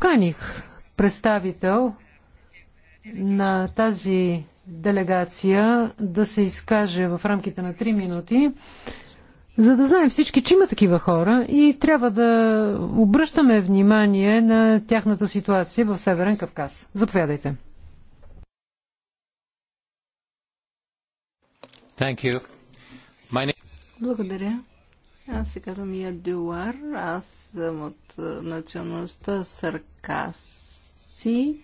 поканих представител на тази делегация да се изкаже в рамките на 3 минути, за да знаем всички, че има такива хора и трябва да обръщаме внимание на тяхната ситуация в Северен Кавказ. Заповядайте. Благодаря. Аз се казвам Ядюар. Аз съм от националността Саркаси.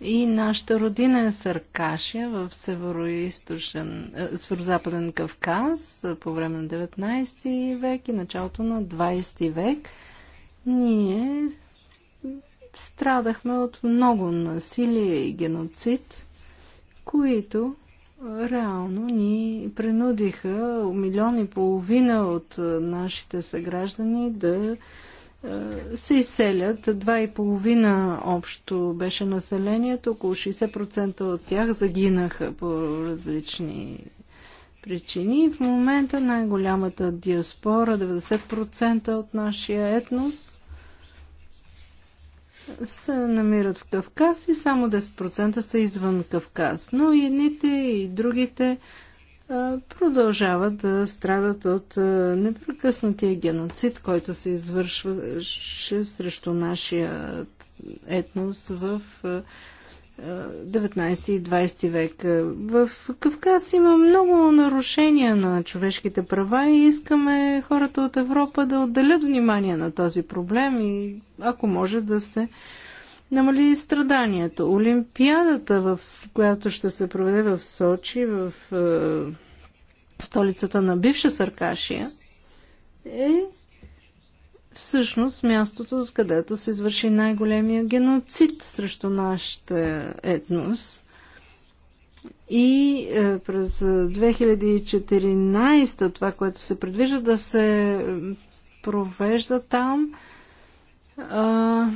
И нашата родина е Саркашия в северо-источен, северо-западен Кавказ по време на 19 век и началото на 20 век. Ние страдахме от много насилие и геноцид, които реално ни принудиха милиони и половина от е, нашите съграждани да е, се изселят. Два и половина общо беше населението, около 60% от тях загинаха по различни причини. В момента най-голямата диаспора, 90% от нашия етнос, се намират в Кавказ и само 10% са извън Кавказ. Но и едните и другите продължават да страдат от непрекъснатия геноцид, който се извършваше срещу нашия етнос в 19 и 20 век. В Кавказ има много нарушения на човешките права и искаме хората от Европа да отделят внимание на този проблем и ако може да се намали страданието. Олимпиадата, в която ще се проведе в Сочи, в е, столицата на бивша Саркашия, е всъщност мястото, където се извърши най-големия геноцид срещу нашата етност. И е, през 2014 това, което се предвижда да се е, провежда там, а,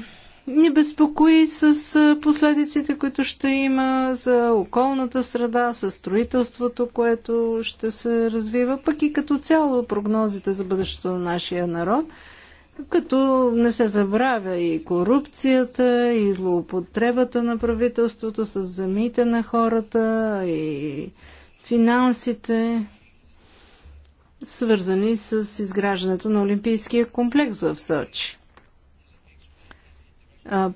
ни безпокои с е, последиците, които ще има за околната среда, с строителството, което ще се развива, пък и като цяло прогнозите за бъдещето на нашия народ – като не се забравя и корупцията, и злоупотребата на правителството с земите на хората, и финансите, свързани с изграждането на Олимпийския комплекс в Сочи.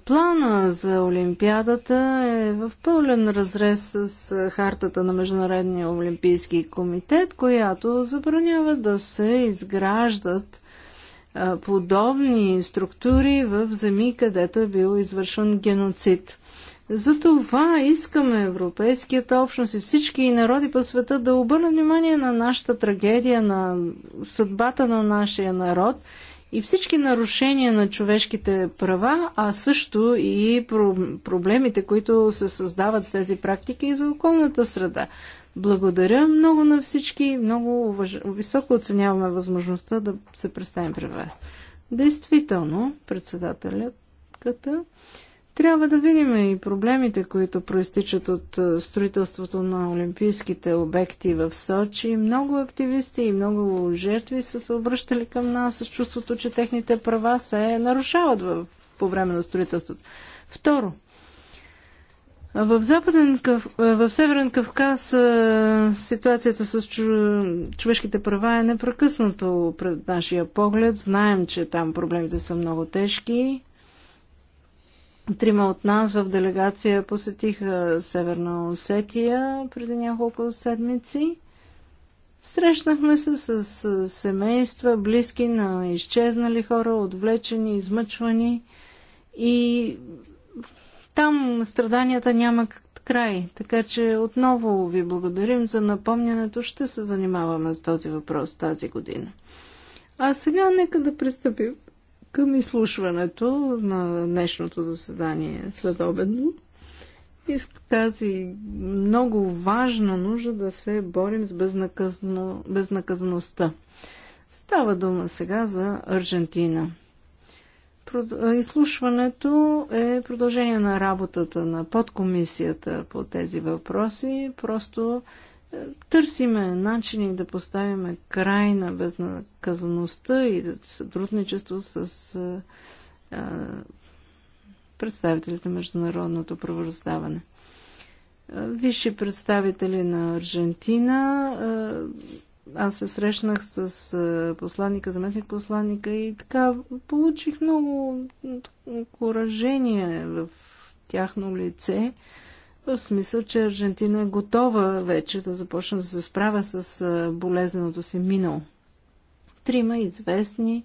Плана за Олимпиадата е в пълен разрез с хартата на Международния олимпийски комитет, която забранява да се изграждат подобни структури в земи, където е бил извършен геноцид. Затова искаме Европейският общност и всички народи по света да обърнат внимание на нашата трагедия, на съдбата на нашия народ и всички нарушения на човешките права, а също и проблемите, които се създават с тези практики и за околната среда. Благодаря много на всички. Много уваж... високо оценяваме възможността да се представим при вас. Действително, председателят трябва да видим и проблемите, които проистичат от строителството на олимпийските обекти в Сочи. Много активисти и много жертви са се обръщали към нас с чувството, че техните права се нарушават в, по време на строителството. Второ, в, Западен, е, в Северен Кавказ е, ситуацията с човешките права е непрекъснато пред нашия поглед. Знаем, че там проблемите са много тежки. Трима от нас в делегация посетиха Северна Осетия преди няколко седмици. Срещнахме се с семейства, близки на изчезнали хора, отвлечени, измъчвани и там страданията няма край. Така че отново ви благодарим за напомнянето. Ще се занимаваме с този въпрос тази година. А сега нека да пристъпим към изслушването на днешното заседание следобедно. И с тази много важна нужда да се борим с безнаказано, безнаказаността. Става дума сега за Аржентина. Изслушването е продължение на работата на подкомисията по тези въпроси. Просто е, търсиме начини да поставиме край на безнаказаността и да сътрудничество с е, е, представителите на международното правораздаване. Висши представители на Аржентина аз се срещнах с посланника, заместник посланника и така получих много коражение в тяхно лице, в смисъл, че Аржентина е готова вече да започне да се справя с болезненото си минало. Трима известни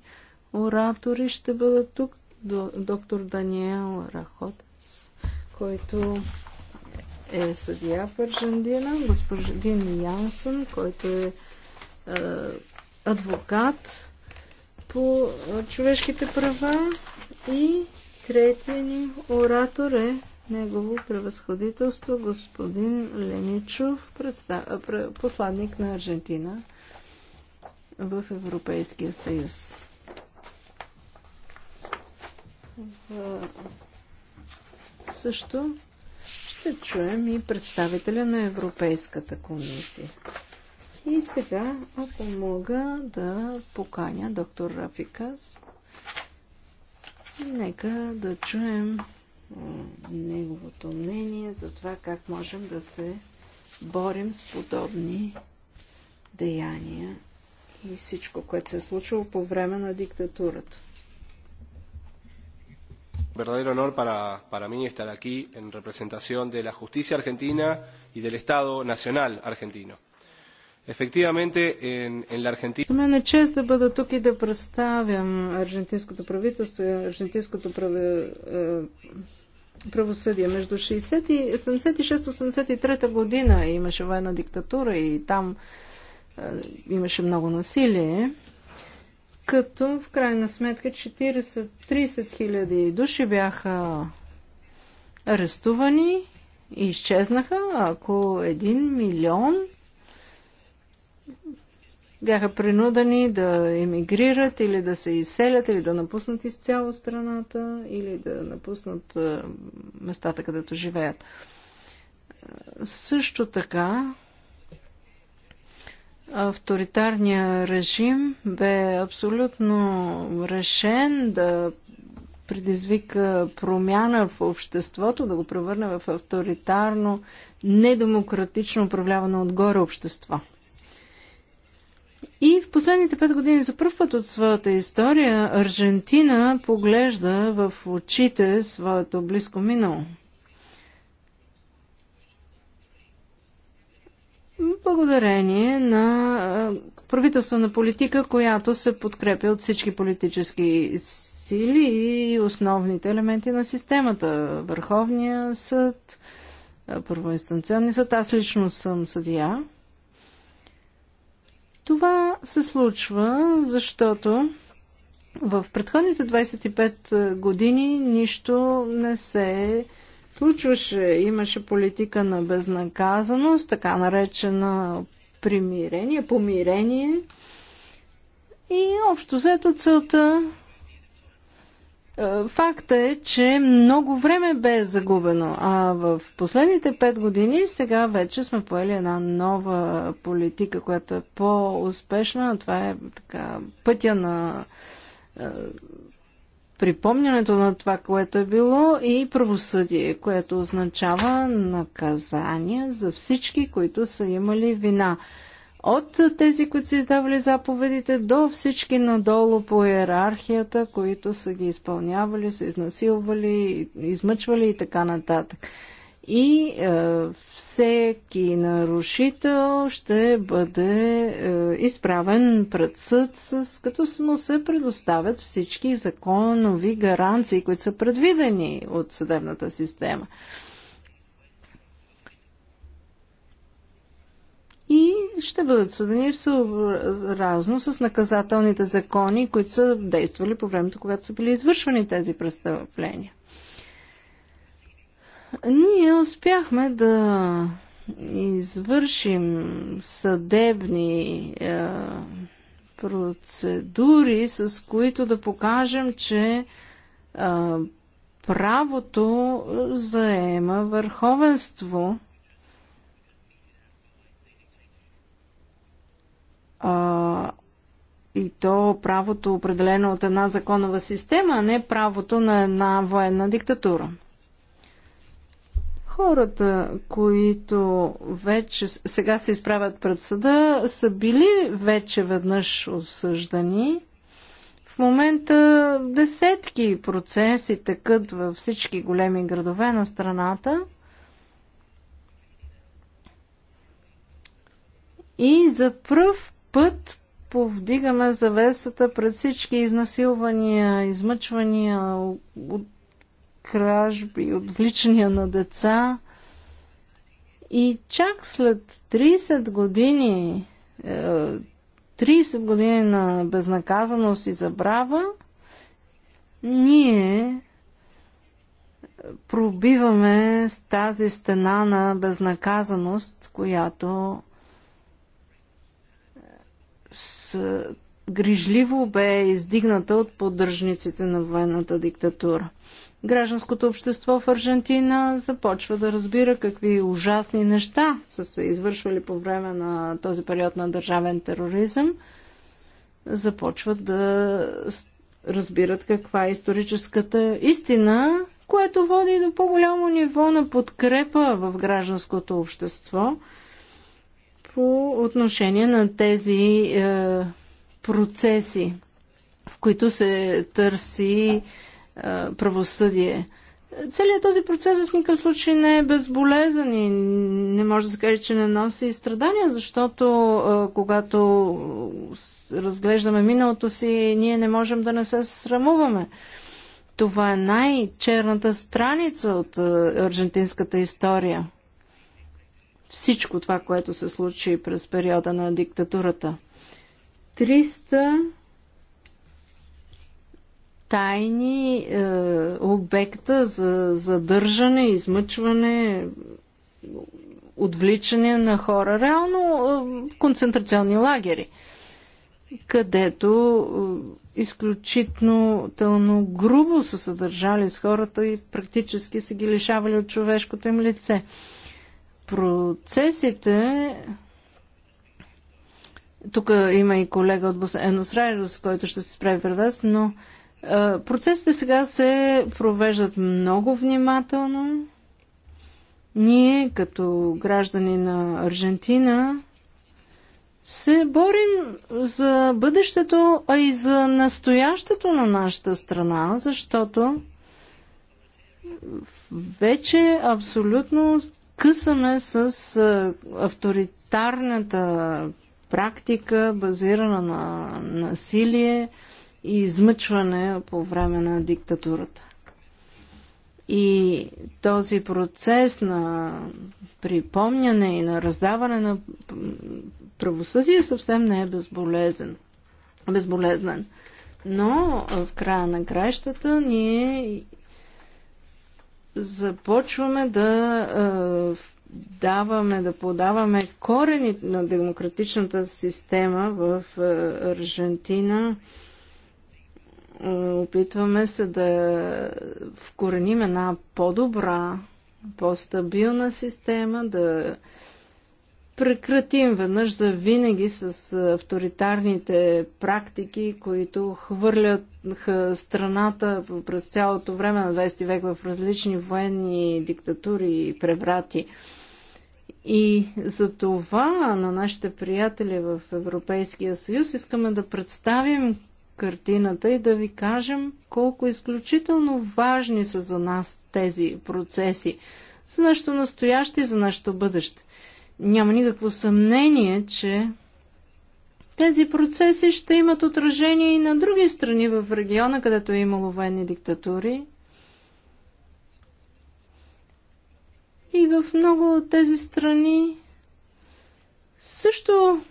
оратори ще бъдат тук. Доктор Даниел Рахотес, който е съдия в Аржентина, господин Янсън, който е е, адвокат по човешките права и третия ни оратор е негово превъзходителство господин Леничов, е, посланник на Аржентина в Европейския съюз. Е, също ще чуем и представителя на Европейската комисия. И сега, ако мога да поканя доктор Рафикас, нека да чуем неговото мнение за това как можем да се борим с подобни деяния и всичко, което се е случило по време на диктатурата. Verdadero honor para, para mí estar aquí en representación de la justicia argentina y del Estado Nacional argentino. Ефективаменте en Аржентина. мен е чест да бъда тук и да представям аржентинското правителство и аржентинското прави, е, правосъдие. Между 60 и 76-83 година имаше военна диктатура и там е, имаше много насилие. Като в крайна сметка 40-30 хиляди души бяха арестувани и изчезнаха, ако 1 милион бяха принудени да емигрират или да се изселят, или да напуснат изцяло страната, или да напуснат местата, където живеят. Също така, авторитарният режим бе абсолютно решен да предизвика промяна в обществото, да го превърне в авторитарно, недемократично управлявано отгоре общество – и в последните пет години за първ път от своята история Аржентина поглежда в очите своето близко минало. Благодарение на правителствена политика, която се подкрепя от всички политически сили и основните елементи на системата. Върховния съд, първоинстанционния съд. Аз лично съм съдия. Това се случва, защото в предходните 25 е, години нищо не се случваше. Имаше политика на безнаказаност, така наречена примирение, помирение. И общо взето целта е, Факта е, че много време бе загубено, а в последните пет години сега вече сме поели една нова политика, която е по-успешна. Това е така пътя на е, припомнянето на това, което е било и правосъдие, което означава наказание за всички, които са имали вина от тези, които са издавали заповедите, до всички надолу по иерархията, които са ги изпълнявали, са изнасилвали, измъчвали и така нататък. И е, всеки нарушител ще бъде е, изправен пред съд, с, като му се предоставят всички законови гаранции, които са предвидени от съдебната система. и ще бъдат съдени съобразно с наказателните закони, които са действали по времето, когато са били извършвани тези престъпления. Ние успяхме да извършим съдебни е, процедури, с които да покажем, че е, правото заема върховенство а, и то правото определено от една законова система, а не правото на една военна диктатура. Хората, които вече сега се изправят пред съда, са били вече веднъж осъждани. В момента десетки процеси тъкат във всички големи градове на страната. И за пръв път повдигаме завесата пред всички изнасилвания, измъчвания, от кражби, отвличания на деца. И чак след 30 години, 30 е, години на безнаказаност и забрава, ние пробиваме с тази стена на безнаказаност, която е, грижливо бе издигната от поддръжниците на военната диктатура. Гражданското общество в Аржентина започва да разбира какви ужасни неща са се извършвали по време на този период на държавен тероризъм. Започват да разбират каква е историческата истина, което води до по-голямо ниво на подкрепа в гражданското общество – по отношение на тези е, процеси, в които се търси е, правосъдие. Целият този процес в никакъв случай не е безболезен и не може да се каже, че не носи страдания, защото е, когато разглеждаме миналото си, ние не можем да не се срамуваме. Това е най-черната страница от е, аржентинската история всичко това, което се случи през периода на диктатурата. 300 тайни е, обекта за задържане, измъчване, отвличане на хора. Реално е, концентрационни лагери, където е, изключително грубо са съдържали с хората и практически са ги лишавали от човешкото им лице процесите тук има и колега от Босенос Райрос, който ще се справи пред вас, но а, процесите сега се провеждат много внимателно. Ние, като граждани на Аржентина, се борим за бъдещето, а и за настоящето на нашата страна, защото вече абсолютно късаме с авторитарната практика, базирана на насилие и измъчване по време на диктатурата. И този процес на припомняне и на раздаване на правосъдие съвсем не е безболезен. безболезнен. Но в края на краищата ние започваме да даваме, да подаваме корени на демократичната система в Аржентина. Опитваме се да вкореним една по-добра, по-стабилна система, да прекратим веднъж за винаги с авторитарните практики, които хвърлят страната през цялото време на 20 век в различни военни диктатури и преврати. И за това на нашите приятели в Европейския съюз искаме да представим картината и да ви кажем колко изключително важни са за нас тези процеси, за нашето настояще и за нашето бъдеще. Няма никакво съмнение, че тези процеси ще имат отражение и на други страни в региона, където е имало военни диктатури. И в много от тези страни също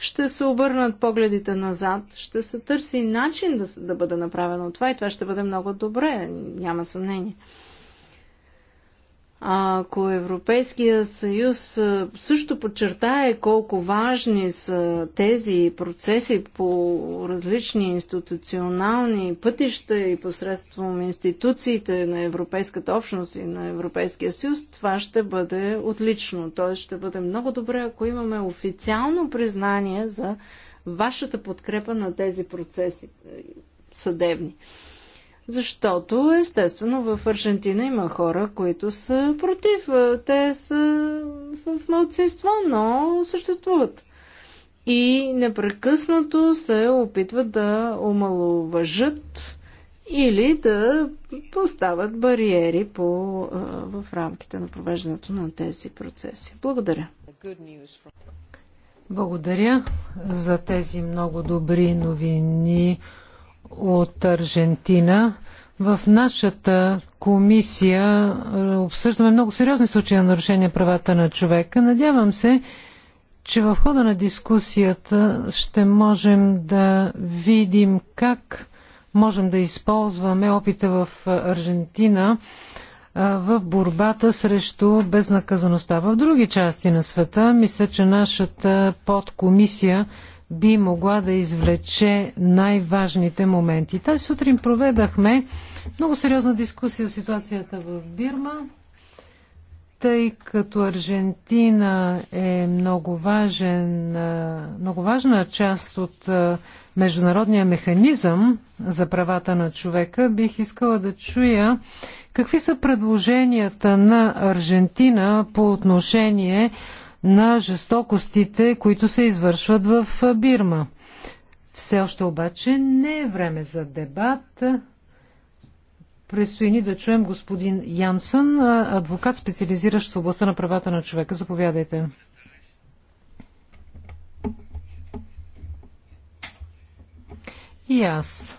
ще се обърнат погледите назад, ще се търси начин да, да бъде направено това и това ще бъде много добре, няма съмнение. Ако Европейския съюз също подчертае колко важни са тези процеси по различни институционални пътища и посредством институциите на Европейската общност и на Европейския съюз, това ще бъде отлично. Т.е. ще бъде много добре, ако имаме официално признание за вашата подкрепа на тези процеси е, съдебни. Защото, естествено, в Аржентина има хора, които са против. Е, те са в мълцинство, но съществуват. И непрекъснато се опитват да омалуважат или да поставят бариери по, е, в рамките на провеждането на тези процеси. Благодаря. Благодаря за тези много добри новини от Аржентина. В нашата комисия е, обсъждаме много сериозни случаи на нарушение правата на човека. Надявам се, че в хода на дискусията ще можем да видим как можем да използваме опита в Аржентина е, в борбата срещу безнаказаността. В други части на света мисля, че нашата подкомисия би могла да извлече най-важните моменти. Тази сутрин проведахме много сериозна дискусия за ситуацията в Бирма, тъй като Аржентина е много, важен, много важна част от международния механизъм за правата на човека, бих искала да чуя какви са предложенията на Аржентина по отношение на жестокостите, които се извършват в Бирма. Все още обаче не е време за дебат. Предстои ни да чуем господин Янсън, адвокат, специализиращ в областта на правата на човека. Заповядайте. И аз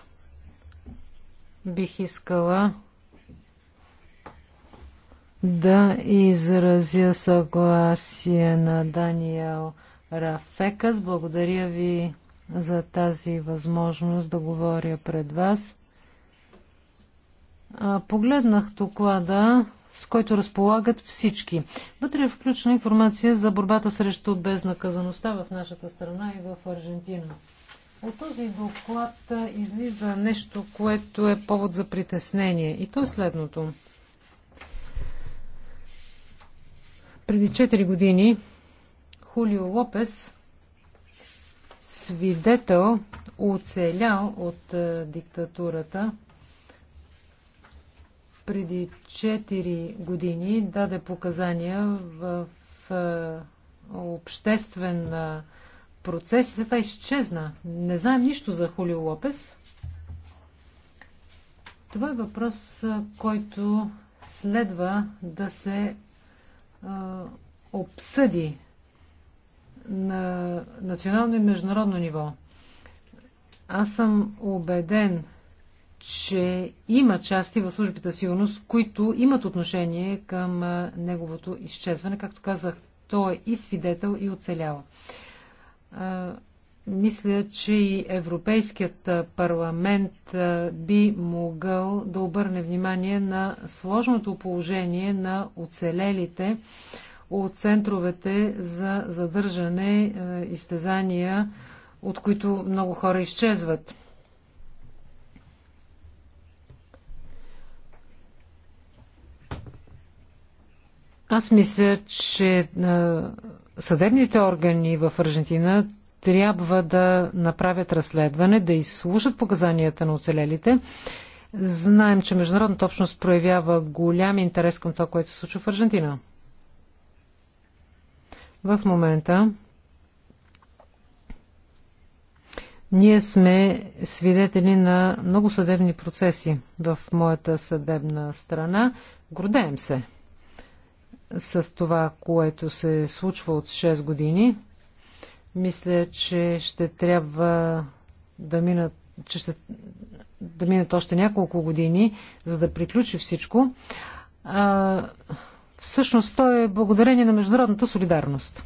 бих искала да изразя съгласие на Даниел Рафекас. Благодаря ви за тази възможност да говоря пред вас. Погледнах доклада, с който разполагат всички. Вътре е включена информация за борбата срещу безнаказаността в нашата страна и в Аржентина. От този доклад излиза нещо, което е повод за притеснение. И то е следното. Преди 4 години Хулио Лопес, свидетел, оцелял от е, диктатурата, преди 4 години даде показания в, е, обществен е, процес и това изчезна. Не знаем нищо за Хулио Лопес. Това е въпрос, който следва да се обсъди на национално и международно ниво. Аз съм убеден, че има части в службите сигурност, които имат отношение към неговото изчезване. Както казах, той е и свидетел, и оцелял. Мисля, че и Европейският парламент би могъл да обърне внимание на сложното положение на оцелелите от центровете за задържане, изтезания, от които много хора изчезват. Аз мисля, че съдебните органи в Аржентина трябва да направят разследване, да изслушат показанията на оцелелите. Знаем, че международната общност проявява голям интерес към това, което се случва в Аржентина. В момента ние сме свидетели на много съдебни процеси в моята съдебна страна. Гордеем се с това, което се случва от 6 години. Мисля, че ще трябва да минат, че ще, да минат още няколко години, за да приключи всичко. А, всъщност то е благодарение на международната солидарност.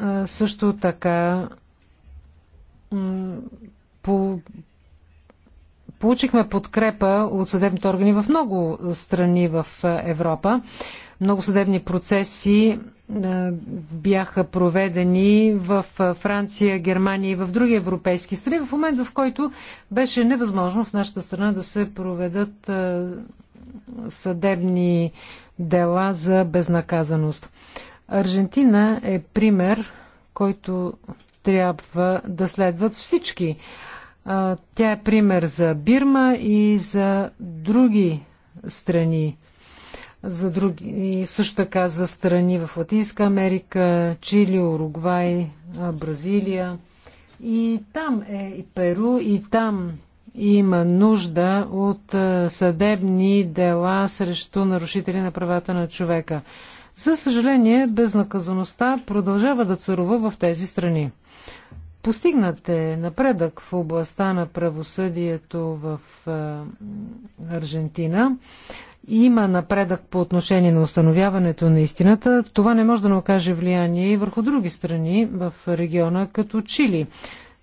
А, също така по, получихме подкрепа от съдебните органи в много страни в Европа. Много съдебни процеси бяха проведени в Франция, Германия и в други европейски страни, в момент в който беше невъзможно в нашата страна да се проведат съдебни дела за безнаказаност. Аржентина е пример, който трябва да следват всички. Тя е пример за Бирма и за други страни за други, и също така за страни в Латинска Америка, Чили, Уругвай, Бразилия. И там е и Перу, и там има нужда от съдебни дела срещу нарушители на правата на човека. За съжаление, безнаказаността продължава да царува в тези страни. Постигнат е напредък в областта на правосъдието в Аржентина има напредък по отношение на установяването на истината, това не може да не окаже влияние и върху други страни в региона, като Чили.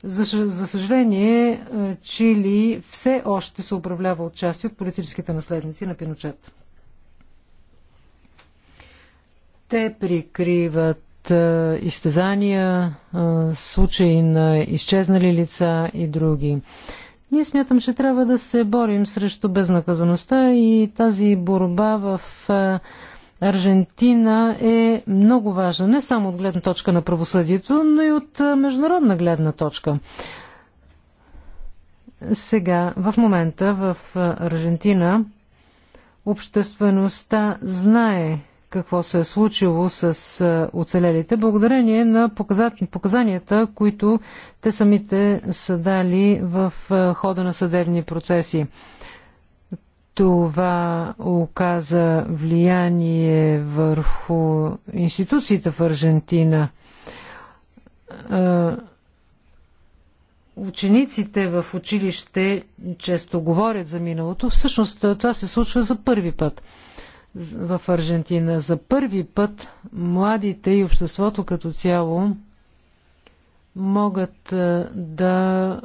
За, за съжаление, е, Чили все още се управлява части от политическите наследници на Пиночет. Те прикриват е, изтезания, е, случаи на изчезнали лица и други. Ние смятам, че трябва да се борим срещу безнаказаността и тази борба в е, Аржентина е много важна, не само от гледна точка на правосъдието, но и от е, международна гледна точка. Сега, в момента в е, Аржентина обществеността знае какво се е случило с оцелелите, благодарение на показанията, които те самите са дали в хода на съдебни процеси. Това оказа влияние върху институциите в Аржентина. Учениците в училище често говорят за миналото. Всъщност това се случва за първи път в Аржентина. За първи път младите и обществото като цяло могат да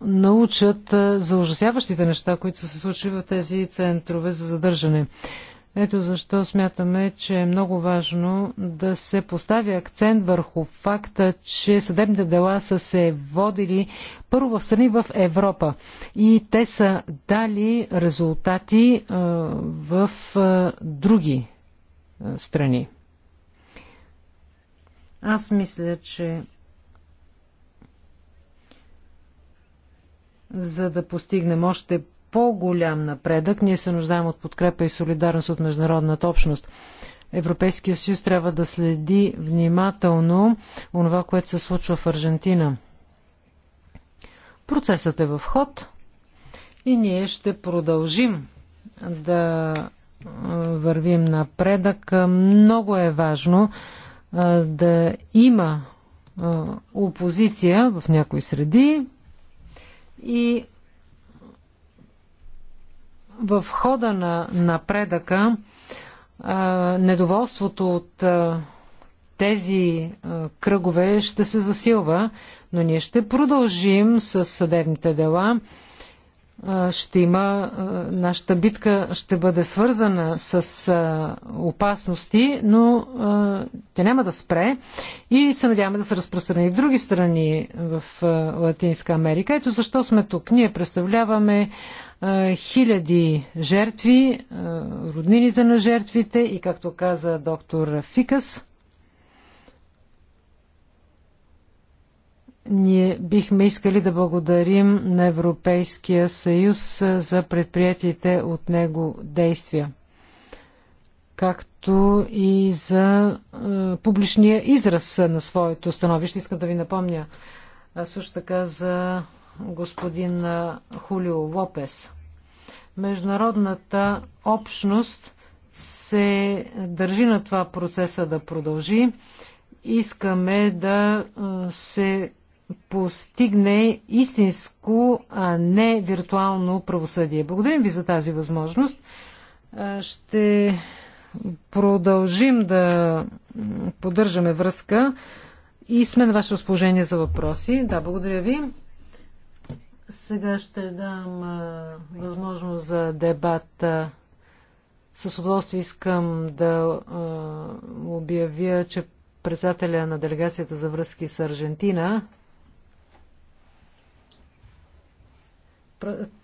научат за ужасяващите неща, които са се случили в тези центрове за задържане. Ето защо смятаме, че е много важно да се постави акцент върху факта, че съдебните дела са се водили първо в страни в Европа и те са дали резултати а, в а, други а, страни. Аз мисля, че за да постигнем още по-голям напредък. Ние се нуждаем от подкрепа и солидарност от международната общност. Европейския съюз трябва да следи внимателно онова, което се случва в Аржентина. Процесът е в ход и ние ще продължим да вървим напредък. Много е важно да има опозиция в някои среди и в хода на напредъка недоволството от тези кръгове ще се засилва, но ние ще продължим с съдебните дела. Ще има, нашата битка ще бъде свързана с опасности, но тя няма да спре и се надяваме да се разпространи в други страни в Латинска Америка. Ето защо сме тук. Ние представляваме хиляди жертви, роднините на жертвите и, както каза доктор Фикас, ние бихме искали да благодарим на Европейския съюз за предприятите от него действия, както и за публичния израз на своето становище. Искам да ви напомня също така за господин Хулио Лопес. Международната общност се държи на това процеса да продължи. Искаме да се постигне истинско, а не виртуално правосъдие. Благодарим ви за тази възможност. Ще продължим да поддържаме връзка и сме на ваше разположение за въпроси. Да, благодаря ви. Сега ще дам а, възможност за дебат. С удоволствие искам да а, обявя, че председателя на делегацията за връзки с Аржентина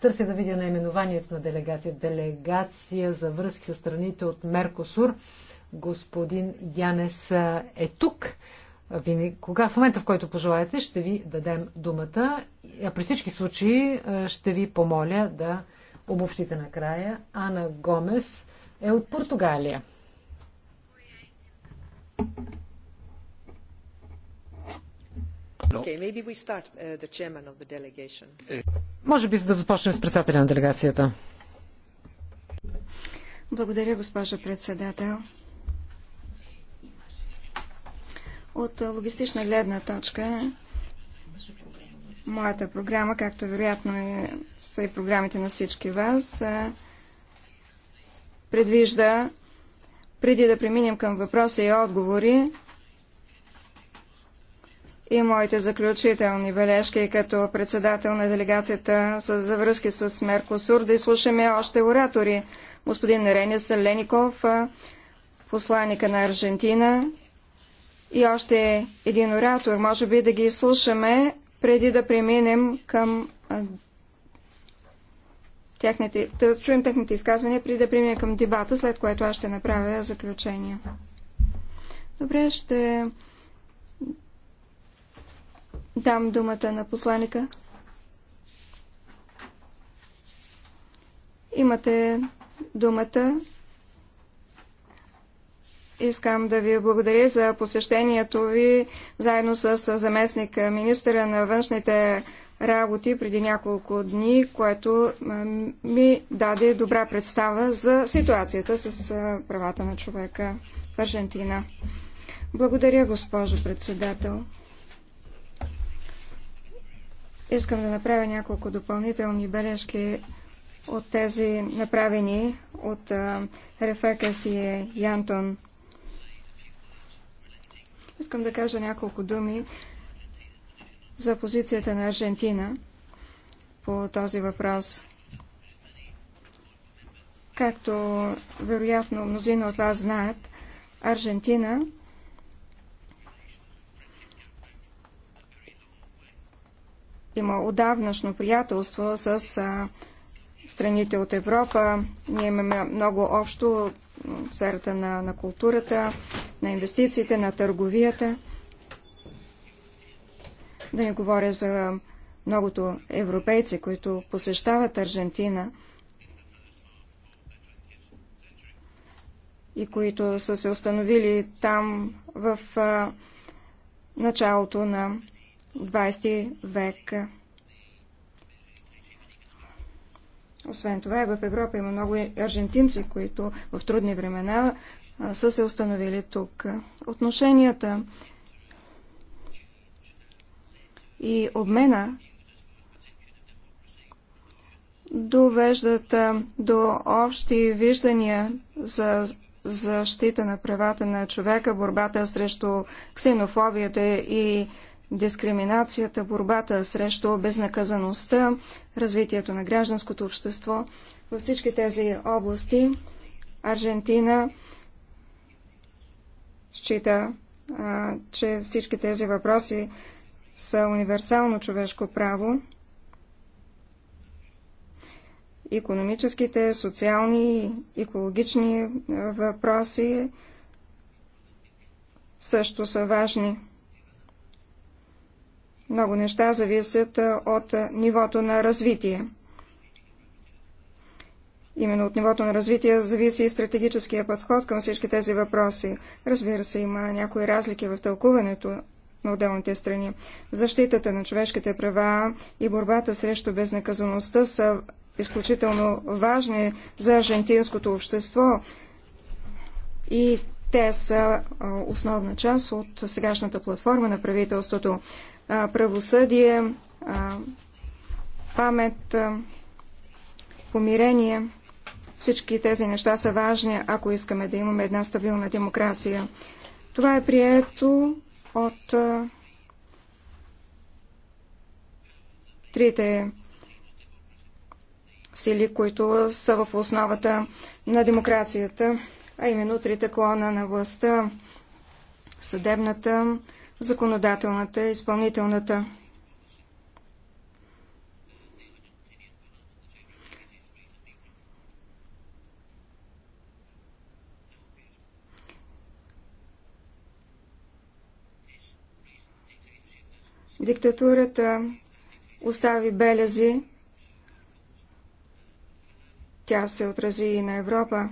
търся да видя наименованието на делегация. Делегация за връзки с страните от Меркосур. Господин Янес е тук. Винаги, кога, в момента, в който пожелаете, ще ви дадем думата при всички случаи ще ви помоля да обобщите накрая. Ана Гомес е от Португалия. Okay, start, uh, Може би да започнем с председателя на делегацията. Благодаря, госпожа председател. От логистична гледна точка Моята програма, както вероятно е, са и програмите на всички вас, предвижда, преди да преминем към въпроси и отговори, и моите заключителни бележки като председател на делегацията за връзки с Меркосур, да изслушаме още оратори. Господин Ренес Леников, посланика на Аржентина и още един оратор. Може би да ги изслушаме преди да преминем към а, техните, да чуем техните изказвания, преди да преминем към дебата, след което аз ще направя заключение. Добре, ще дам думата на посланика. Имате думата Искам да ви благодаря за посещението ви заедно с заместник министра на външните работи преди няколко дни, което ми даде добра представа за ситуацията с правата на човека в Аржентина. Благодаря, госпожо председател. Искам да направя няколко допълнителни бележки от тези направени от Рефека си Янтон Искам да кажа няколко думи за позицията на Аржентина по този въпрос. Както вероятно мнозина от вас знаят, Аржентина има отдавнашно приятелство с страните от Европа. Ние имаме много общо сферата на, на културата, на инвестициите, на търговията. Да не говоря за многото европейци, които посещават Аржентина и които са се установили там в началото на 20 век. Освен това и в Европа има много аржентинци, които в трудни времена са се установили тук. Отношенията и обмена довеждат до общи виждания за защита на правата на човека, борбата срещу ксенофобията и дискриминацията, борбата срещу безнаказаността, развитието на гражданското общество. Във всички тези области Аржентина счита, а, че всички тези въпроси са универсално човешко право. Економическите, социални, екологични въпроси също са важни. Много неща зависят от нивото на развитие. Именно от нивото на развитие зависи и стратегическия подход към всички тези въпроси. Разбира се, има някои разлики в тълкуването на отделните страни. Защитата на човешките права и борбата срещу безнаказаността са изключително важни за аржентинското общество и те са основна част от сегашната платформа на правителството правосъдие, памет, помирение. Всички тези неща са важни, ако искаме да имаме една стабилна демокрация. Това е прието от трите сили, които са в основата на демокрацията, а именно трите клона на властта, съдебната, законодателната и изпълнителната. Диктатурата остави белези. Тя се отрази и на Европа.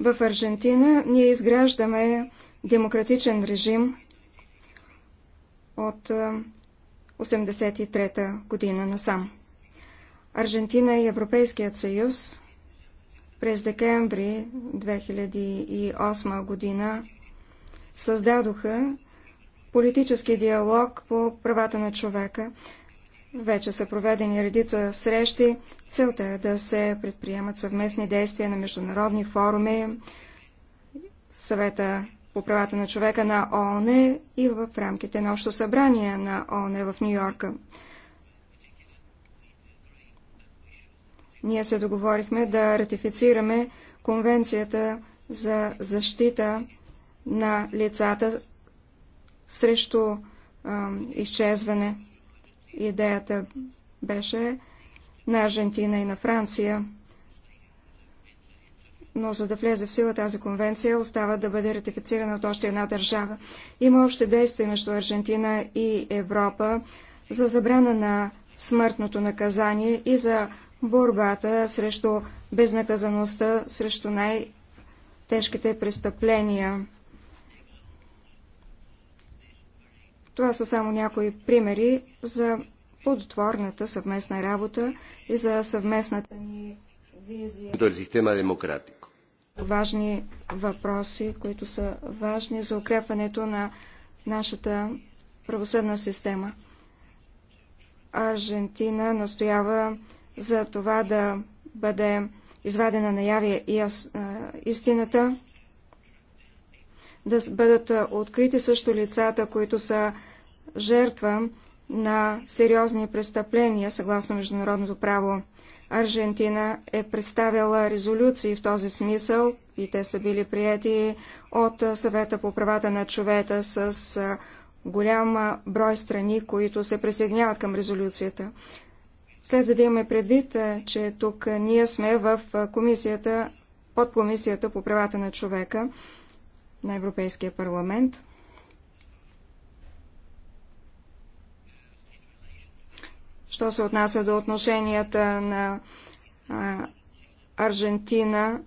В Аржентина ние изграждаме демократичен режим от 1983 година насам. Аржентина и Европейският съюз през декември 2008 година създадоха политически диалог по правата на човека. Вече са проведени редица срещи. Целта е да се предприемат съвместни действия на международни форуми, съвета по правата на човека на ООН и в рамките на общо събрание на ООН в Нью Йорка. Ние се договорихме да ратифицираме Конвенцията за защита на лицата срещу изчезване. Идеята беше на Аржентина и на Франция. Но за да влезе в сила тази конвенция, остава да бъде ратифицирана от още една държава. Има още действия между Аржентина и Европа за забрана на смъртното наказание и за борбата срещу безнаказаността, срещу най-тежките престъпления. Това са само някои примери за плодотворната съвместна работа и за съвместната ни визия. Важни въпроси, които са важни за укрепването на нашата правосъдна система. Аржентина настоява за това да бъде извадена наяве и истината, да бъдат открити също лицата, които са жертва на сериозни престъпления съгласно международното право. Аржентина е представила резолюции в този смисъл и те са били прияти от съвета по правата на човека с голям брой страни, които се присъединяват към резолюцията. Следва да имаме предвид, че тук ние сме в комисията, под комисията по правата на човека на Европейския парламент – що се отнася до отношенията на Аржентина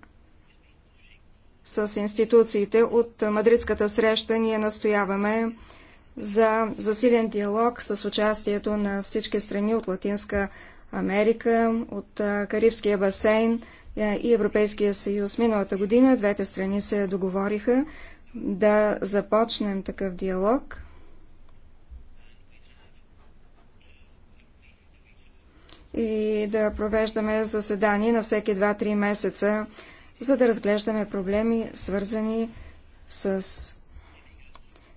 с институциите от Мадридската среща, ние настояваме за засилен диалог с участието на всички страни от Латинска Америка, от Карибския басейн е, и Европейския съюз. Миналата година двете страни се договориха да започнем такъв диалог – и да провеждаме заседания на всеки 2-3 месеца, за да разглеждаме проблеми, свързани с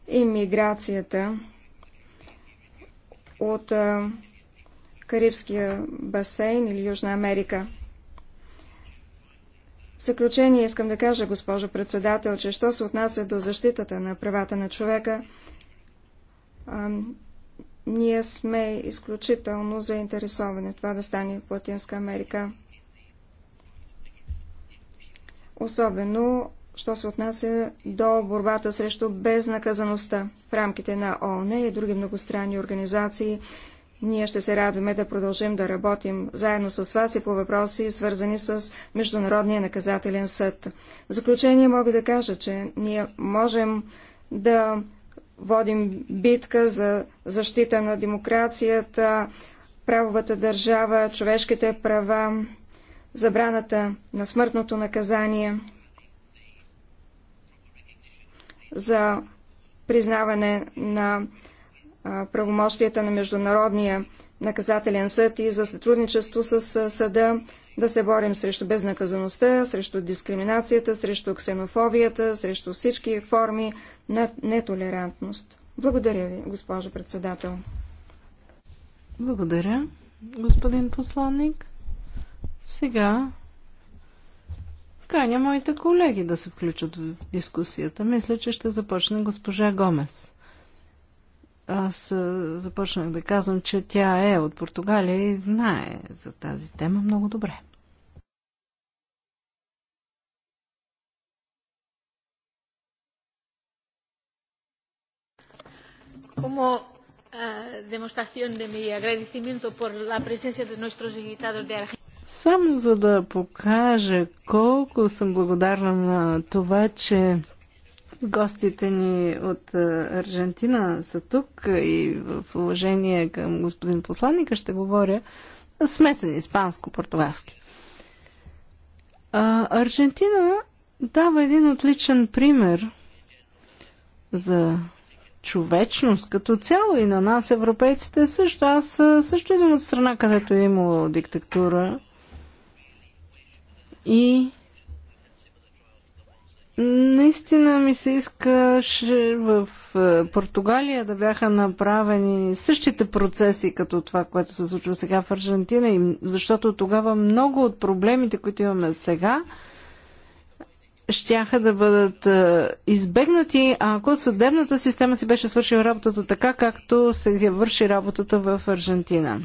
иммиграцията от Карибския басейн или Южна Америка. В заключение искам да кажа, госпожо председател, че що се отнася до защитата на правата на човека, ние сме изключително заинтересовани това да стане в Латинска Америка. Особено, що се отнася до борбата срещу безнаказаността в рамките на ООН и други многостранни организации. Ние ще се радваме да продължим да работим заедно с вас и по въпроси, свързани с Международния наказателен съд. В заключение мога да кажа, че ние можем да водим битка за защита на демокрацията, правовата държава, човешките права, забраната на смъртното наказание, за признаване на правомощията на Международния наказателен съд и за сътрудничество с съда да се борим срещу безнаказаността, срещу дискриминацията, срещу ксенофобията, срещу всички форми на нетолерантност. Благодаря ви, госпожо председател. Благодаря, господин посланник. Сега каня моите колеги да се включат в дискусията. Мисля, че ще започне госпожа Гомес. Аз започнах да казвам, че тя е от Португалия и знае за тази тема много добре. Como ah, demostración de mi agradecimiento por la presencia de nuestros invitados de Argentina. Само за да покажа колко съм благодарна на това, че гостите ни от Аржентина са тук и в уважение към господин посланника ще говоря смесен испанско-португалски. Аржентина дава един отличен пример за човечност като цяло и на нас, европейците също. Аз също идвам от страна, където е имало диктатура. И Наистина ми се искаше в Португалия да бяха направени същите процеси, като това, което се случва сега в Аржентина, защото тогава много от проблемите, които имаме сега, щяха да бъдат е, избегнати, ако съдебната система си беше свършила работата така, както се върши работата в Аржентина.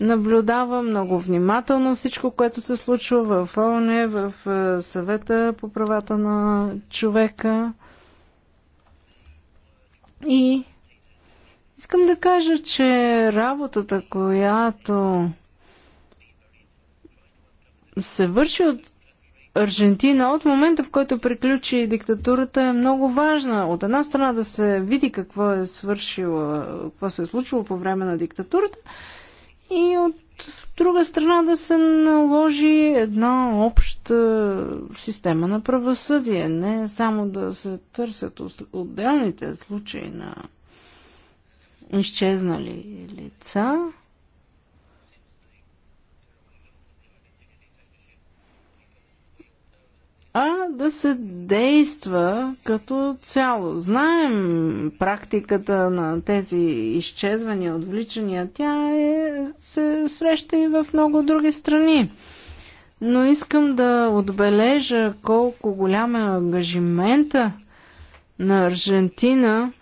Наблюдава много внимателно всичко, което се случва в ООН, в е, съвета по правата на човека. И искам да кажа, че работата, която се върши от Аржентина от момента, в който приключи диктатурата, е много важна. От една страна да се види какво е свършила, какво се е случило по време на диктатурата и от друга страна да се наложи една обща система на правосъдие. Не само да се търсят отделните случаи на изчезнали лица, а да се действа като цяло. Знаем практиката на тези изчезвания, отвличания. Тя е, се среща и в много други страни. Но искам да отбележа колко голям е ангажимента на Аржентина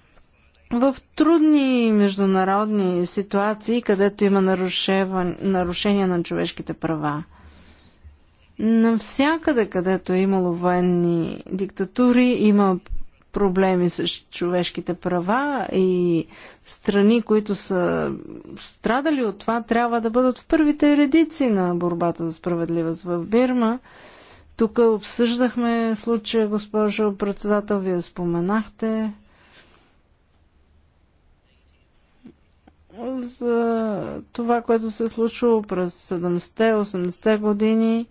в трудни международни ситуации, където има нарушения на човешките права. Навсякъде, където е имало военни диктатури, има проблеми с човешките права и страни, които са страдали от това, трябва да бъдат в първите редици на борбата за справедливост в Бирма. Тук обсъждахме случая, госпожо председател, вие споменахте за това, което се е случило през 70-80-те години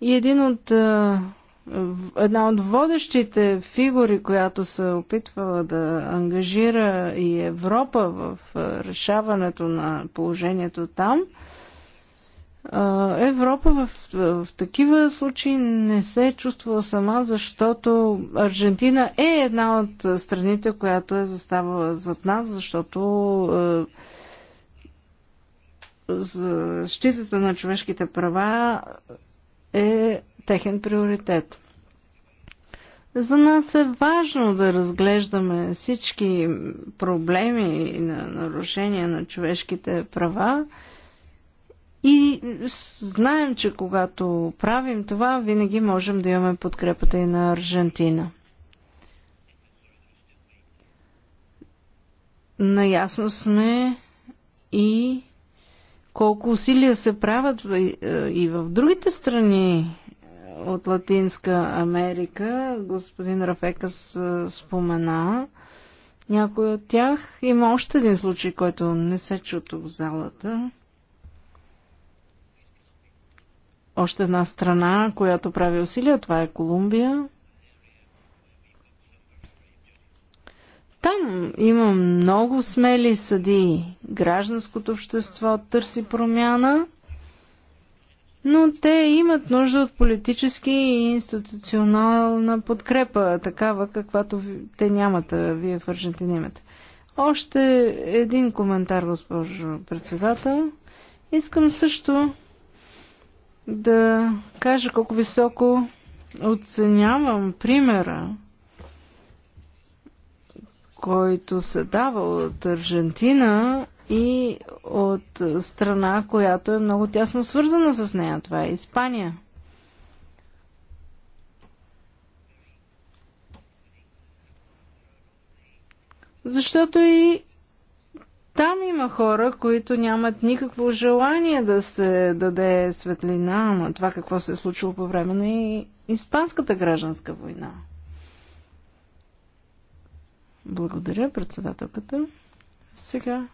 и един от, една от водещите фигури, която се опитвала да ангажира и Европа в решаването на положението там, Европа в, в, в такива случаи не се е чувствала сама, защото Аржентина е една от страните, която е заставала зад нас, защото е, защитата на човешките права е техен приоритет. За нас е важно да разглеждаме всички проблеми на нарушения на човешките права и знаем, че когато правим това, винаги можем да имаме подкрепата и на Аржентина. Наясно сме и колко усилия се правят е, и в другите страни е, от Латинска Америка. Господин Рафекас е, спомена някой от тях. Има още един случай, който не се чу тук в залата. Още една страна, която прави усилия, това е Колумбия. Там има много смели съдии, гражданското общество търси промяна, но те имат нужда от политически и институционална подкрепа, такава каквато те нямат, а вие в Аржентина имате. Още един коментар, госпожо председател. Искам също да кажа колко високо оценявам примера, който се дава от Аржентина и от страна, която е много тясно свързана с нея. Това е Испания. Защото и там има хора, които нямат никакво желание да се даде светлина на това какво се е случило по време на Испанската гражданска война. Благодаря, председателката. Сега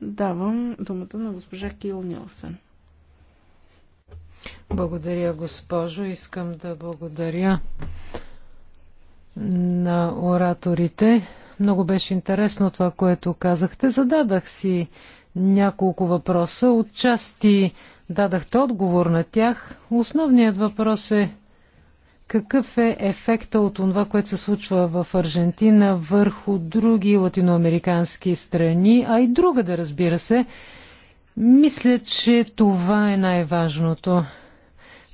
Давам думата на госпожа Кил Нилсен. Благодаря, госпожо. Искам да благодаря на ораторите. Много беше интересно това, което казахте. Зададах си няколко въпроса. Отчасти дадахте отговор на тях. Основният въпрос е какъв е ефекта от това, което се случва в Аржентина върху други латиноамерикански страни, а и друга да разбира се? Мисля, че това е най-важното.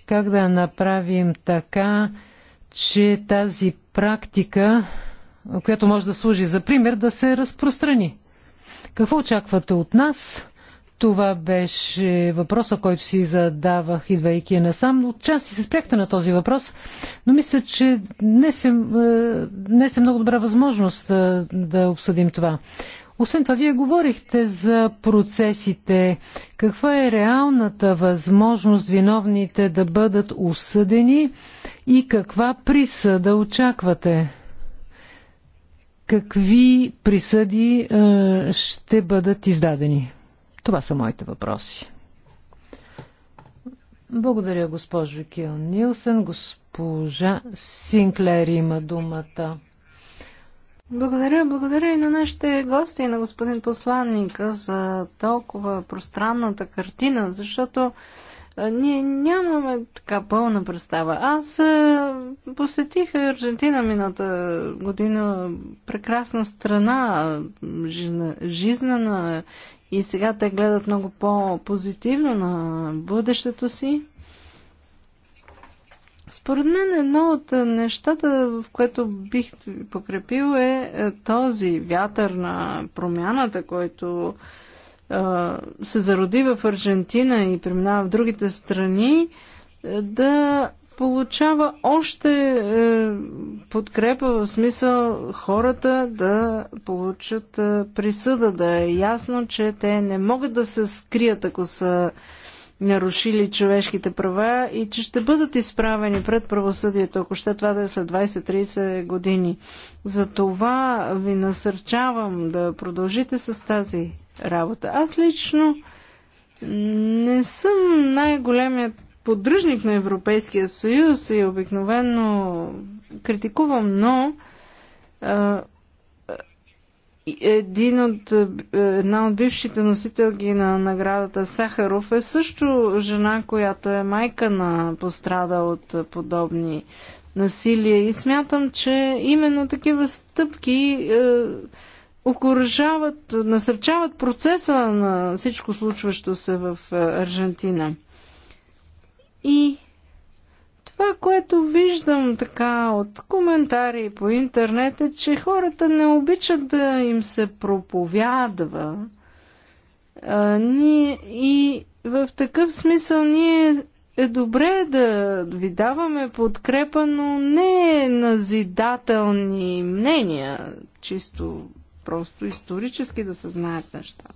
Как да направим така, че тази практика, която може да служи за пример, да се разпространи? Какво очаквате от нас? Това беше въпроса, който си задавах, идвайки насам. Отчасти се спряхте на този въпрос, но мисля, че днес е, днес е много добра възможност да, е, да обсъдим това. Освен това, вие говорихте за процесите. Каква е реалната възможност виновните да бъдат осъдени и каква присъда очаквате? Какви присъди е, ще бъдат издадени? Това са моите въпроси. Благодаря, госпожо Кион Нилсен. Госпожа Синклер има думата. Благодаря, благодаря и на нашите гости и на господин посланник за толкова пространната картина, защото ние нямаме така пълна представа. Аз посетих Аржентина мината година. Прекрасна страна, жизнена и сега те гледат много по-позитивно на бъдещето си. Според мен едно от нещата, в което бих покрепил е, е този вятър на промяната, който се зароди в Аржентина и преминава в другите страни, е, да получава още е, подкрепа в смисъл хората да получат е, присъда, да е ясно, че те не могат да се скрият, ако са нарушили човешките права и че ще бъдат изправени пред правосъдието, ако ще това да е след 20-30 години. За това ви насърчавам да продължите с тази работа. Аз лично не съм най-големият поддръжник на Европейския съюз и обикновено критикувам, но един от, една от бившите носителки на наградата Сахаров е също жена, която е майка на пострада от подобни насилие. И смятам, че именно такива стъпки окоръжават, насърчават процеса на всичко случващо се в Аржентина. И това, което виждам така от коментари по интернет е, че хората не обичат да им се проповядва. А, ние, и в такъв смисъл ние е добре да ви даваме подкрепа, но не е назидателни мнения, чисто просто исторически да се знаят нещата.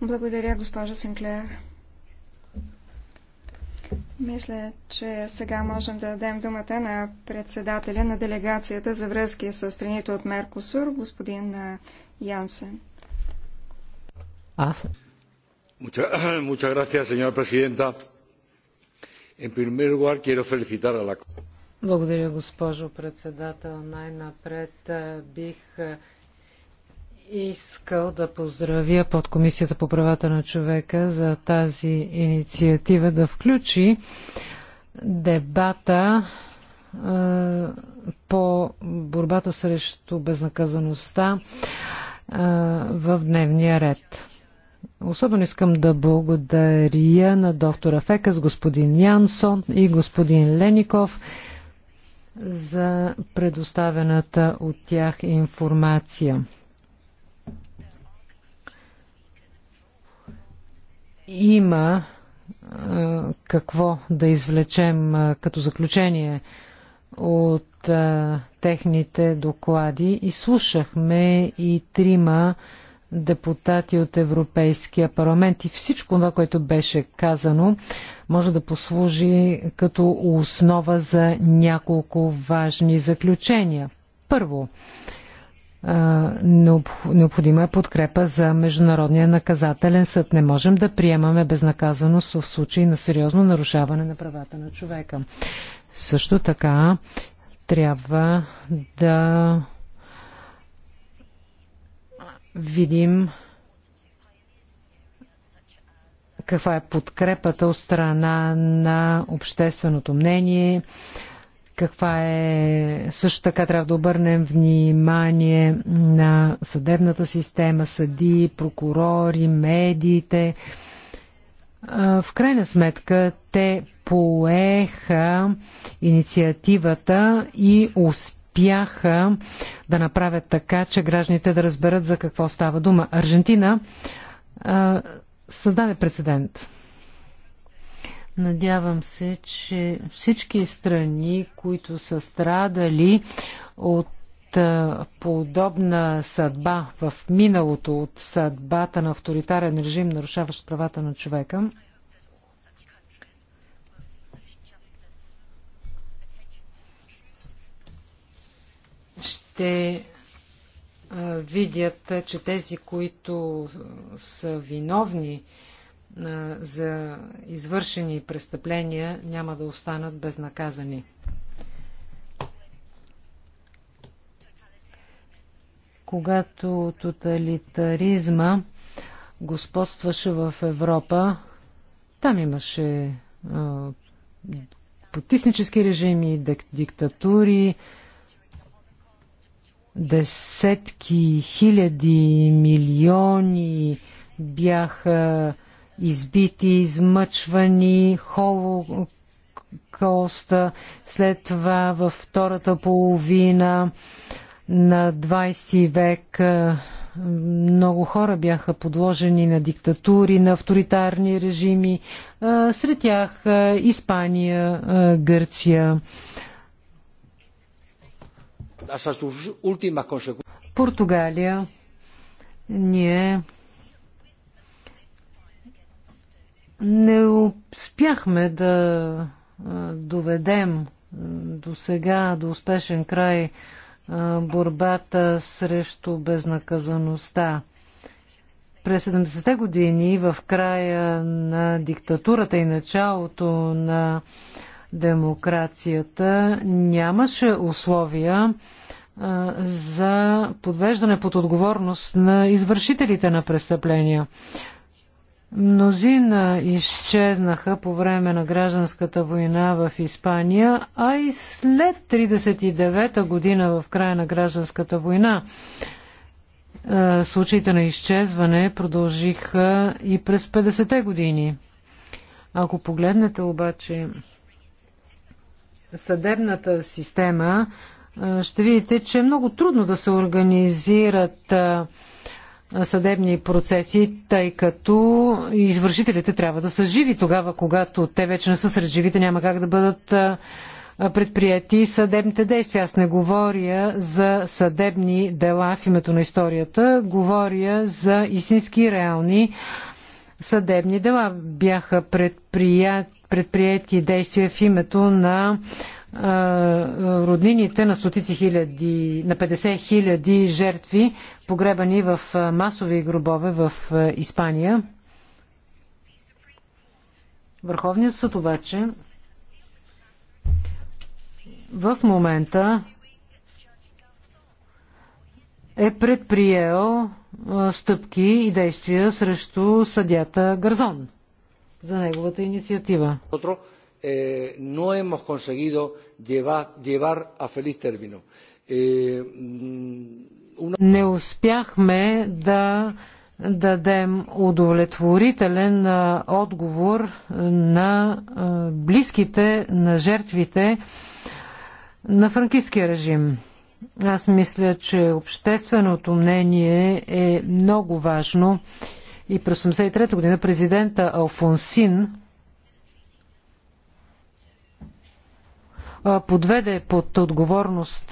Благодаря, госпожа Синклер. Мисля, че сега можем да дадем думата на председателя на делегацията за връзки с страните от Меркосур, господин Янсен. Аз. Muchas gracias, señora presidenta. En primer lugar, quiero felicitar a la... Благодаря, госпожо председател. Най-напред бих искал да поздравя под Комисията по правата на човека за тази инициатива да включи дебата по борбата срещу безнаказаността в дневния ред. Особено искам да благодаря на доктора Фекас, господин Янсон и господин Леников за предоставената от тях информация. има какво да извлечем като заключение от техните доклади. И слушахме и трима депутати от Европейския парламент и всичко това, което беше казано, може да послужи като основа за няколко важни заключения. Първо, необходима е подкрепа за Международния наказателен съд. Не можем да приемаме безнаказаност в случай на сериозно нарушаване на правата на човека. Също така трябва да видим каква е подкрепата от страна на общественото мнение, каква е... Също така трябва да обърнем внимание на съдебната система, съди, прокурори, медиите. В крайна сметка те поеха инициативата и успяха да направят така, че гражданите да разберат за какво става дума. Аржентина създаде прецедент. Надявам се, че всички страни, които са страдали от подобна съдба в миналото, от съдбата на авторитарен режим, нарушаващ правата на човека, ще видят, че тези, които са виновни за извършени престъпления няма да останат безнаказани. Когато тоталитаризма господстваше в Европа, там имаше а, потиснически режими, диктатури, десетки, хиляди, милиони бяха избити, измъчвани, холокоста, след това във втората половина на 20 век много хора бяха подложени на диктатури, на авторитарни режими, сред тях Испания, Гърция. Португалия. Ние Не успяхме да доведем до сега до успешен край борбата срещу безнаказаността. През 70-те години, в края на диктатурата и началото на демокрацията, нямаше условия за подвеждане под отговорност на извършителите на престъпления. Мнозина изчезнаха по време на гражданската война в Испания, а и след 1939 година в края на гражданската война. Е, случаите на изчезване продължиха и през 50-те години. Ако погледнете обаче съдебната система, е, ще видите, че е много трудно да се организират е, съдебни процеси, тъй като извършителите трябва да са живи тогава, когато те вече не са сред живите, няма как да бъдат предприяти съдебните действия. Аз не говоря за съдебни дела в името на историята, говоря за истински реални съдебни дела. Бяха предприяти действия в името на роднините на стотици хиляди, на 50 хиляди жертви, погребани в масови гробове в Испания. Върховният съд обаче в момента е предприел стъпки и действия срещу съдята Гарзон за неговата инициатива. Eh, no hemos conseguido llevar, a feliz término. Eh, mm, Не успяхме да дадем удовлетворителен отговор на близките на жертвите на франкистския режим. Аз мисля, че общественото мнение е много важно. И през 1983 година президента Алфонсин подведе под отговорност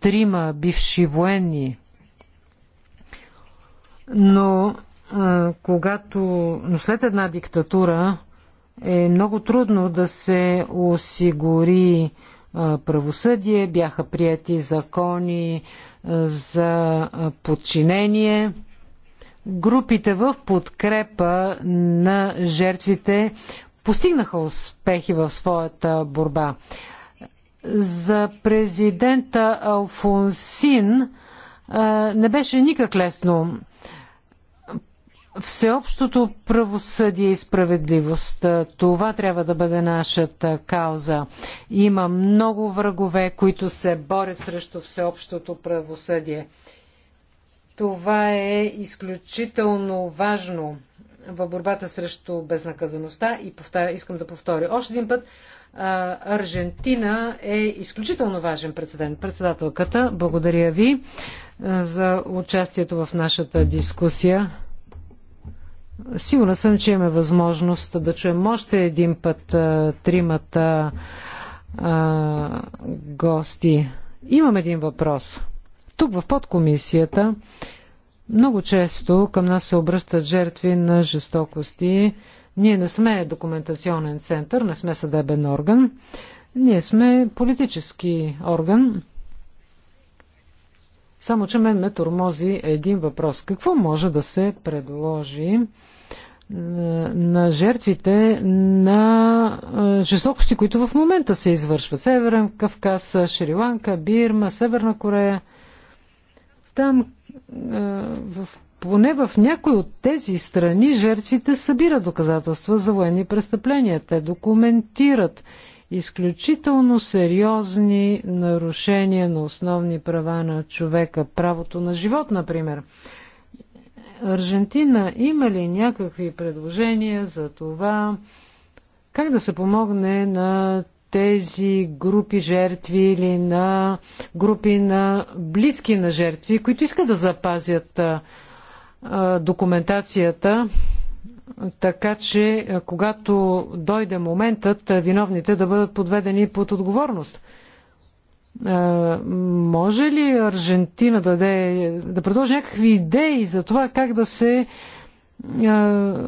трима бивши военни. Но когато но след една диктатура е много трудно да се осигури правосъдие, бяха прияти закони за подчинение. Групите в подкрепа на жертвите постигнаха успехи в своята борба. За президента Алфонсин не беше никак лесно. Всеобщото правосъдие и справедливост. Това трябва да бъде нашата кауза. Има много врагове, които се борят срещу всеобщото правосъдие. Това е изключително важно в борбата срещу безнаказаността и повтаря, искам да повторя още един път, Аржентина е изключително важен прецедент. Председателката, благодаря ви за участието в нашата дискусия. Сигурна съм, че имаме възможност да чуем още един път тримата а, гости. Имам един въпрос. Тук в подкомисията много често към нас се обръщат жертви на жестокости, ние не сме документационен център, не сме съдебен орган. Ние сме политически орган. Само, че мен ме тормози един въпрос. Какво може да се предложи е, на жертвите на е, жестокости, които в момента се извършват? Северен Кавказ, Шри-Ланка, Бирма, Северна Корея. Там е, в поне в някои от тези страни жертвите събират доказателства за военни престъпления. Те документират изключително сериозни нарушения на основни права на човека, правото на живот, например. Аржентина има ли някакви предложения за това как да се помогне на тези групи жертви или на групи на близки на жертви, които искат да запазят документацията, така че когато дойде моментът, виновните да бъдат подведени под отговорност. Може ли Аржентина да, даде, да предложи някакви идеи за това как да се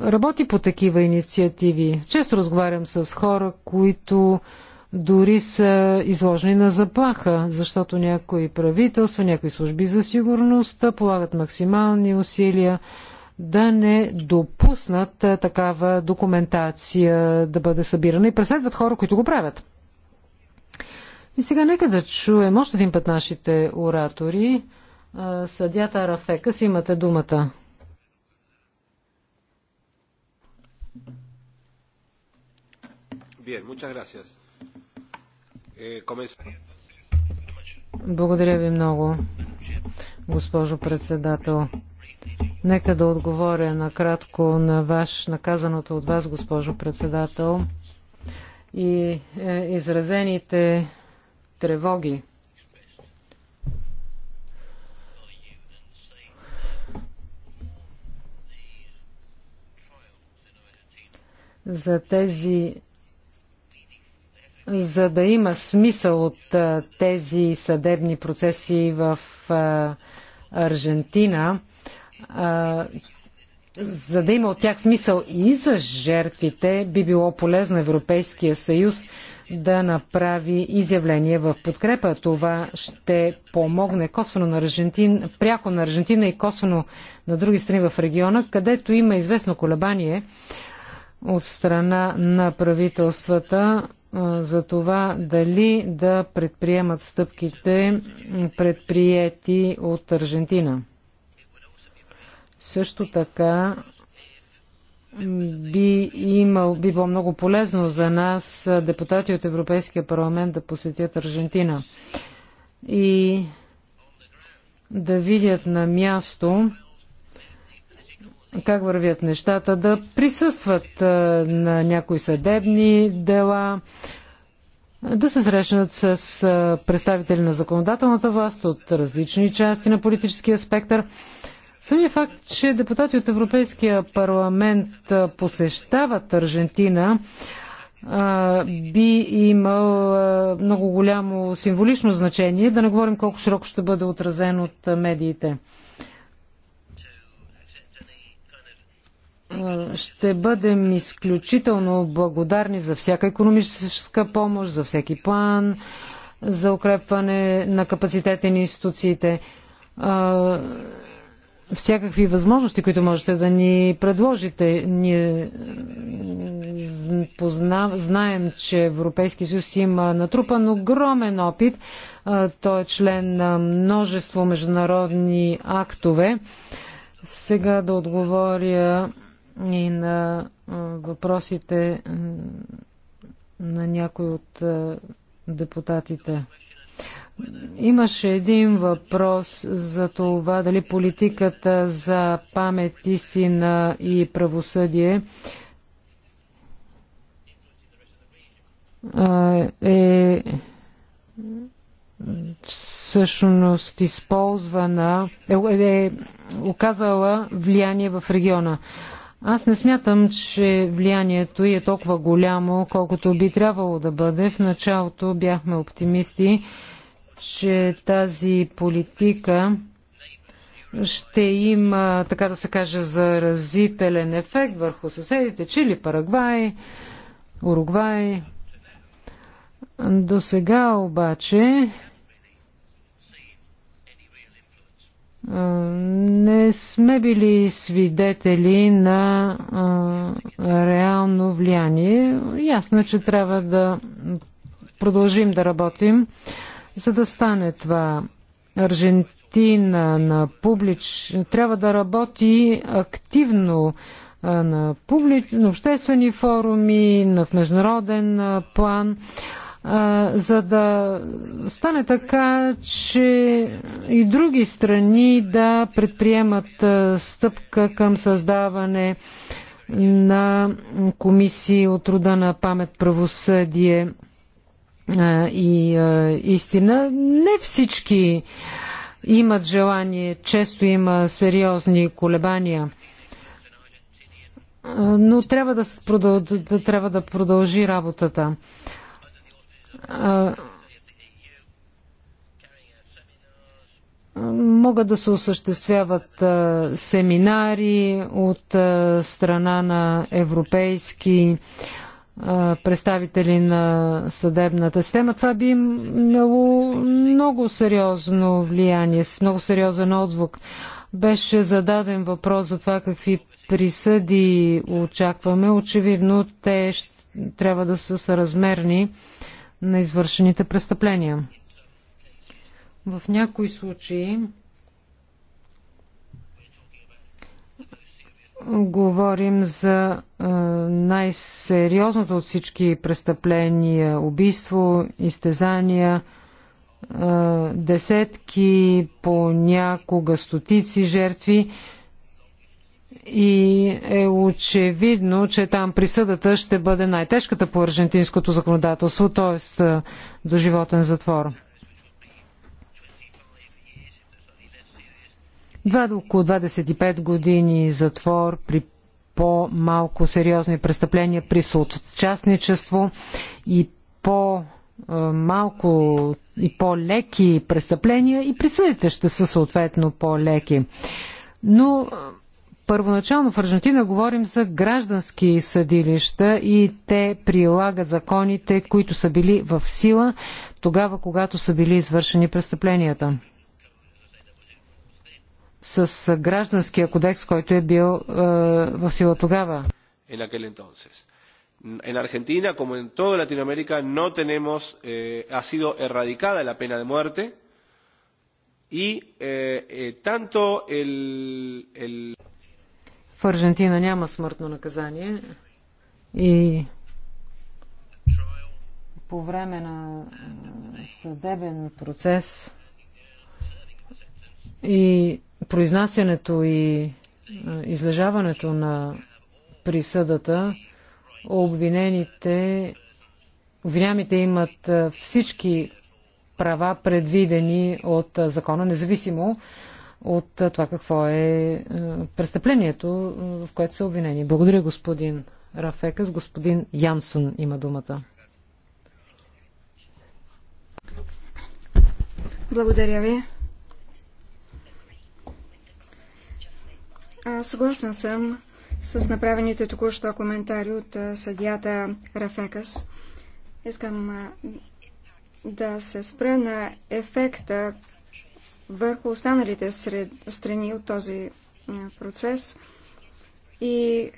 работи по такива инициативи? Често разговарям с хора, които дори са изложени на заплаха, защото някои правителства, някои служби за сигурност полагат максимални усилия да не допуснат такава документация да бъде събирана и преследват хора, които го правят. И сега нека да чуем още един път нашите оратори. Съдята Рафекас, имате думата. Bien, muchas gracias. Благодаря ви много, госпожо председател. Нека да отговоря накратко на ваш, наказаното от вас, госпожо председател, и е, изразените тревоги. За тези за да има смисъл от тези съдебни процеси в Аржентина, за да има от тях смисъл и за жертвите, би било полезно Европейския съюз да направи изявление в подкрепа. Това ще помогне косвено на Аржентин, пряко на Аржентина и косвено на други страни в региона, където има известно колебание от страна на правителствата за това дали да предприемат стъпките предприяти от Аржентина. Също така би, имал, би било много полезно за нас депутати от Европейския парламент да посетят Аржентина и да видят на място как вървят нещата, да присъстват на някои съдебни дела, да се срещнат с представители на законодателната власт от различни части на политическия спектър. Самия факт, че депутати от Европейския парламент посещават Аржентина, би имал много голямо символично значение, да не говорим колко широко ще бъде отразен от медиите. ще бъдем изключително благодарни за всяка економическа помощ, за всеки план, за укрепване на капацитета на институциите, всякакви възможности, които можете да ни предложите. Ние позна... знаем, че Европейски съюз има натрупан огромен опит. Той е член на множество международни актове. Сега да отговоря и на въпросите на някой от депутатите. Имаше един въпрос за това дали политиката за памет, истина и правосъдие е всъщност използвана, е, е, е оказала влияние в региона. Аз не смятам, че влиянието е толкова голямо, колкото би трябвало да бъде. В началото бяхме оптимисти, че тази политика ще има, така да се каже, заразителен ефект върху съседите Чили, Парагвай, Уругвай. До сега обаче Е, не сме били свидетели на а, е, реално влияние. Ясно е, че трябва да продължим да работим, за да стане това. Аржентина на публич... трябва да работи активно а, е, на, публич... на обществени форуми, на в международен а, план. А, за да стане така, че и други страни да предприемат стъпка към създаване на комисии от рода на памет, правосъдие и истина. Не всички имат желание, често има сериозни колебания но трябва да, продъл... трябва да продължи работата могат да се осъществяват семинари от страна на европейски представители на съдебната система. Това би имало много сериозно влияние, много сериозен отзвук. Беше зададен въпрос за това какви присъди очакваме. Очевидно, те ще, трябва да са съразмерни на извършените престъпления. В някои случаи говорим за най-сериозното от всички престъпления убийство, изтезания, десетки, понякога стотици жертви и е очевидно, че там присъдата ще бъде най-тежката по аржентинското законодателство, т.е. до животен затвор. Два до около 25 години затвор при по-малко сериозни престъпления при съотчастничество и по- малко и по-леки престъпления и присъдите ще са съответно по-леки. Но Първоначално в Аржентина говорим за граждански съдилища и те прилагат законите, които са били в сила тогава, когато са били извършени престъпленията. С гражданския кодекс, който е бил е, в сила тогава. En Argentina, como en toda Latinoamérica, no tenemos, eh, ha sido erradicada la pena de muerte y eh, eh, tanto el, el в Аржентина няма смъртно наказание и по време на е, съдебен процес и произнасянето и е, излежаването на присъдата, обвинените, обвинямите имат е, всички права, предвидени от закона, независимо от това какво е, е престъплението, е, в което са обвинени. Благодаря господин Рафекас. Господин Янсон, има думата. Благодаря ви. Съгласен съм с направените току-що коментари от съдията Рафекас. Искам да се спра на ефекта, върху останалите сред, страни от този процес и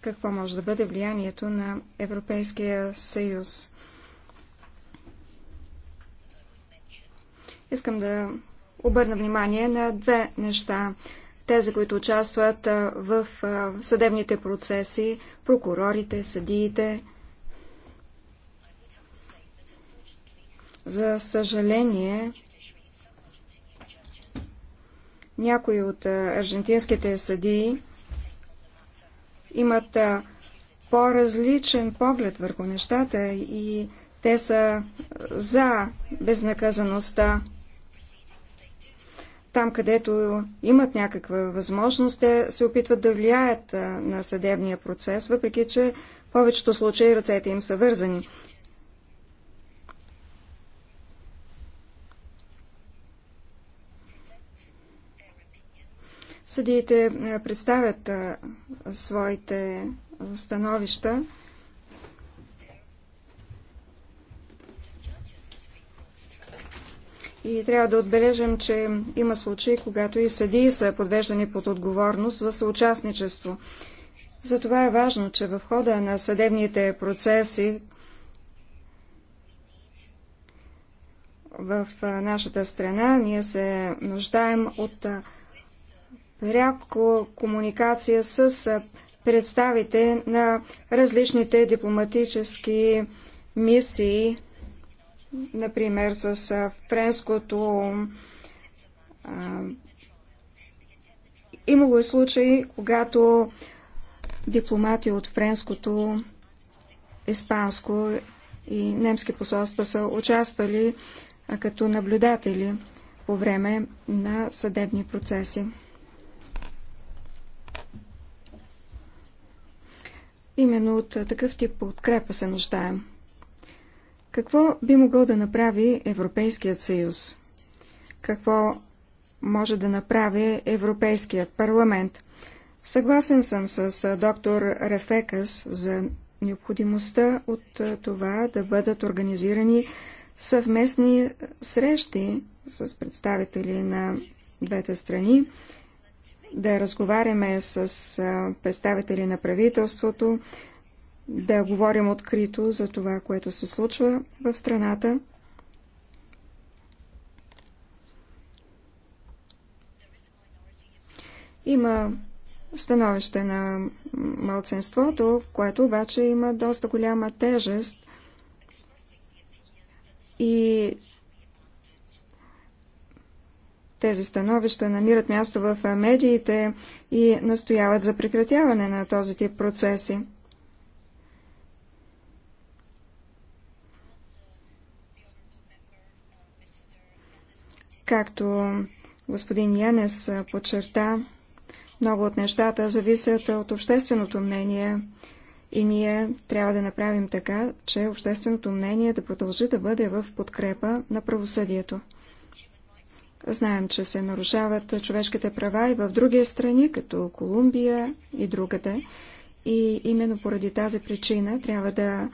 какво може да бъде влиянието на Европейския съюз. Искам да обърна внимание на две неща. Тези, които участват в съдебните процеси, прокурорите, съдиите. За съжаление, някои от аржентинските съдии имат по-различен поглед върху нещата и те са за безнаказаността. Там, където имат някаква възможност, те се опитват да влияят на съдебния процес, въпреки че в повечето случаи ръцете им са вързани. Съдиите е, представят е, своите становища. И трябва да отбележим, че има случаи, когато и съдии са подвеждани под отговорност за съучастничество. Затова е важно, че в хода на съдебните процеси в е, нашата страна ние се нуждаем от рядко комуникация с представите на различните дипломатически мисии, например с френското. Имало е случаи, когато дипломати от френското, испанско и немски посолства са участвали като наблюдатели по време на съдебни процеси. Именно от такъв тип подкрепа се нуждаем. Какво би могъл да направи Европейският съюз? Какво може да направи Европейският парламент? Съгласен съм с доктор Рефекас за необходимостта от това да бъдат организирани съвместни срещи с представители на двете страни да разговаряме с представители на правителството, да говорим открито за това, което се случва в страната. Има становище на малцинството, което обаче има доста голяма тежест и тези становища намират място в медиите и настояват за прекратяване на този тип процеси. Както господин Янес подчерта, много от нещата зависят от общественото мнение и ние трябва да направим така, че общественото мнение да продължи да бъде в подкрепа на правосъдието. Знаем, че се нарушават човешките права и в други страни, като Колумбия и другата, И именно поради тази причина трябва да,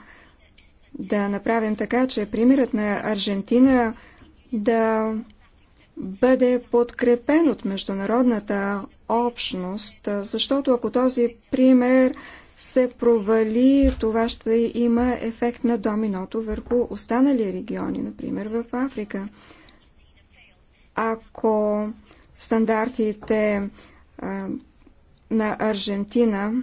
да направим така, че примерът на Аржентина да бъде подкрепен от международната общност, защото ако този пример се провали, това ще има ефект на доминото върху останали региони, например в Африка ако стандартите на Аржентина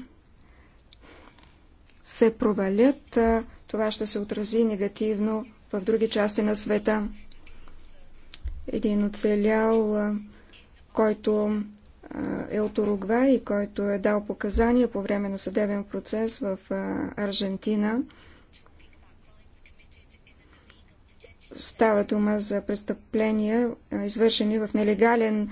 се провалят, това ще се отрази негативно в други части на света. Един оцелял, който е от Уругва и който е дал показания по време на съдебен процес в Аржентина, Става дума за престъпления, извършени в нелегален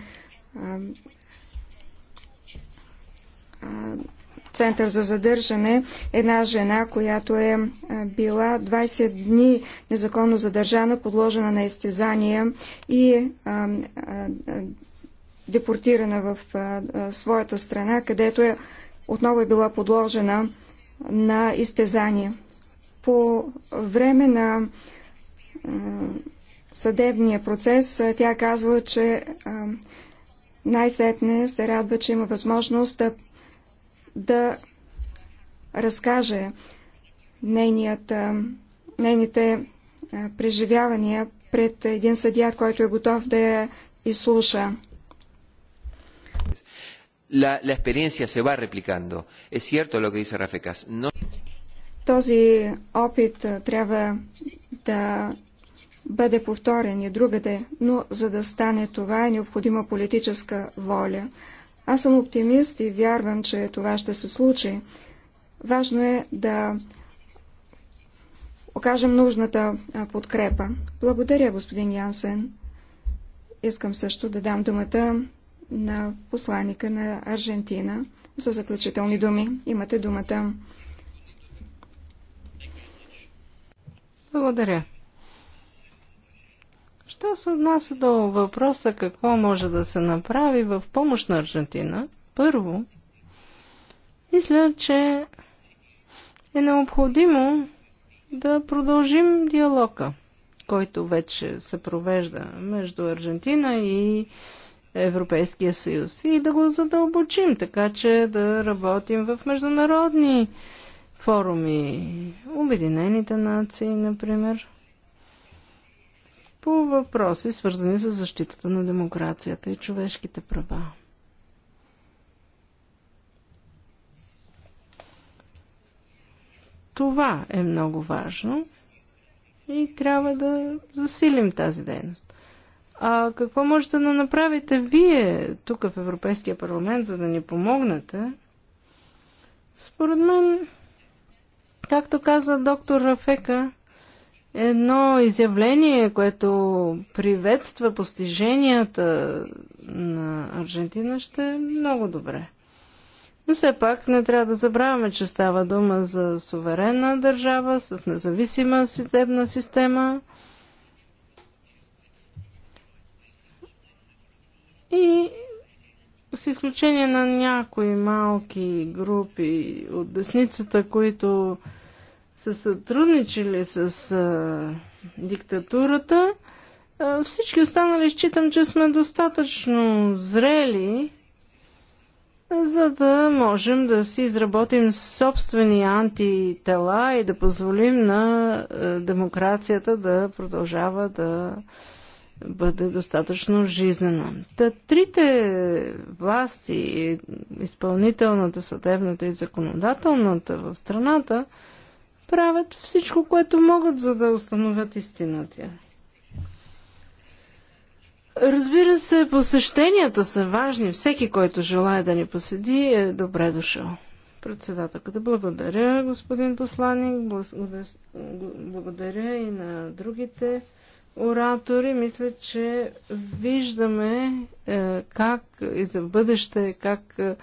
център за задържане. Една жена, която е била 20 дни незаконно задържана, подложена на изтезания и депортирана в своята страна, където е, отново е била подложена на изтезания. По време на съдебния процес, тя казва, че най-сетне се радва, че има възможност да, да разкаже нейният, нейните преживявания пред един съдия, който е готов да я изслуша. La, la experiencia se va replicando. Es cierto lo que dice Rafecas. No... Този опит трябва да бъде повторен и другаде, но за да стане това е необходима политическа воля. Аз съм оптимист и вярвам, че това ще се случи. Важно е да окажем нужната подкрепа. Благодаря, господин Янсен. Искам също да дам думата на посланика на Аржентина за заключителни думи. Имате думата. Благодаря. Що се отнася до въпроса какво може да се направи в помощ на Аржентина, първо, мисля, че е необходимо да продължим диалога, който вече се провежда между Аржентина и Европейския съюз и да го задълбочим, така че да работим в международни форуми, Обединените нации, например по въпроси, свързани с защитата на демокрацията и човешките права. Това е много важно и трябва да засилим тази дейност. А какво можете да направите вие тук в Европейския парламент, за да ни помогнете? Според мен, както каза доктор Рафека, едно изявление, което приветства постиженията на Аржентина, ще е много добре. Но все пак не трябва да забравяме, че става дума за суверенна държава с независима съдебна система. И с изключение на някои малки групи от десницата, които са сътрудничили с а, диктатурата. А, всички останали считам, че сме достатъчно зрели, за да можем да си изработим собствени антитела и да позволим на а, демокрацията да продължава да бъде достатъчно жизнена. Та трите власти, изпълнителната, съдебната и законодателната в страната, правят всичко, което могат, за да установят истината. Разбира се, посещенията са важни. Всеки, който желая да ни посети, е добре дошъл. Председателката, благодаря, господин посланник, благодаря и на другите оратори. Мисля, че виждаме е, как и за бъдеще, как. Е,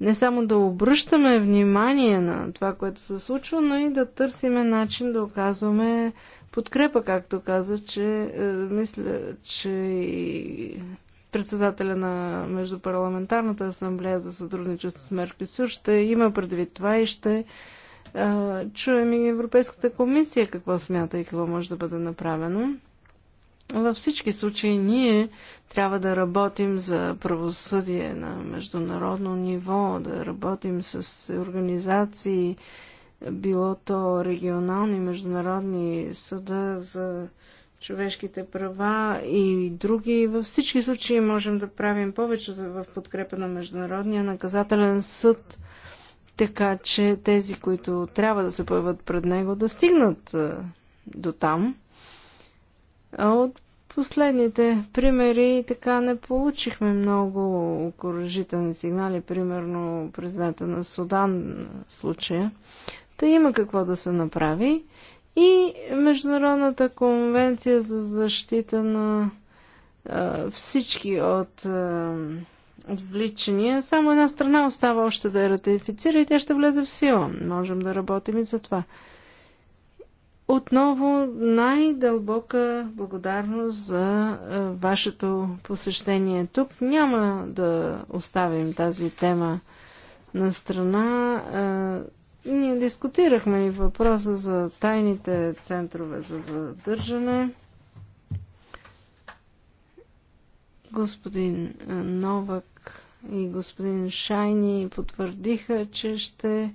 не само да обръщаме внимание на това, което се случва, но и да търсиме начин да оказваме подкрепа, както каза, че е, мисля, че и председателя на Междупарламентарната асамблея за сътрудничество с Меркюсюр ще има предвид това и ще е, чуем и Европейската комисия какво смята и какво може да бъде направено. Във всички случаи ние трябва да работим за правосъдие на международно ниво, да работим с организации, било то регионални, международни съда за човешките права и други. Във всички случаи можем да правим повече в подкрепа на Международния наказателен съд, така че тези, които трябва да се появат пред него, да стигнат до там. От последните примери така не получихме много окоръжителни сигнали, примерно президента на Судан случая. Та има какво да се направи. И Международната конвенция за защита на е, всички от е, отвличания. Само една страна остава още да я ратифицира и тя ще влезе в сила. Можем да работим и за това. Отново най-дълбока благодарност за е, вашето посещение тук. Няма да оставим тази тема на страна. Е, ние дискутирахме и въпроса за тайните центрове за задържане. Господин е, Новак и господин Шайни потвърдиха, че ще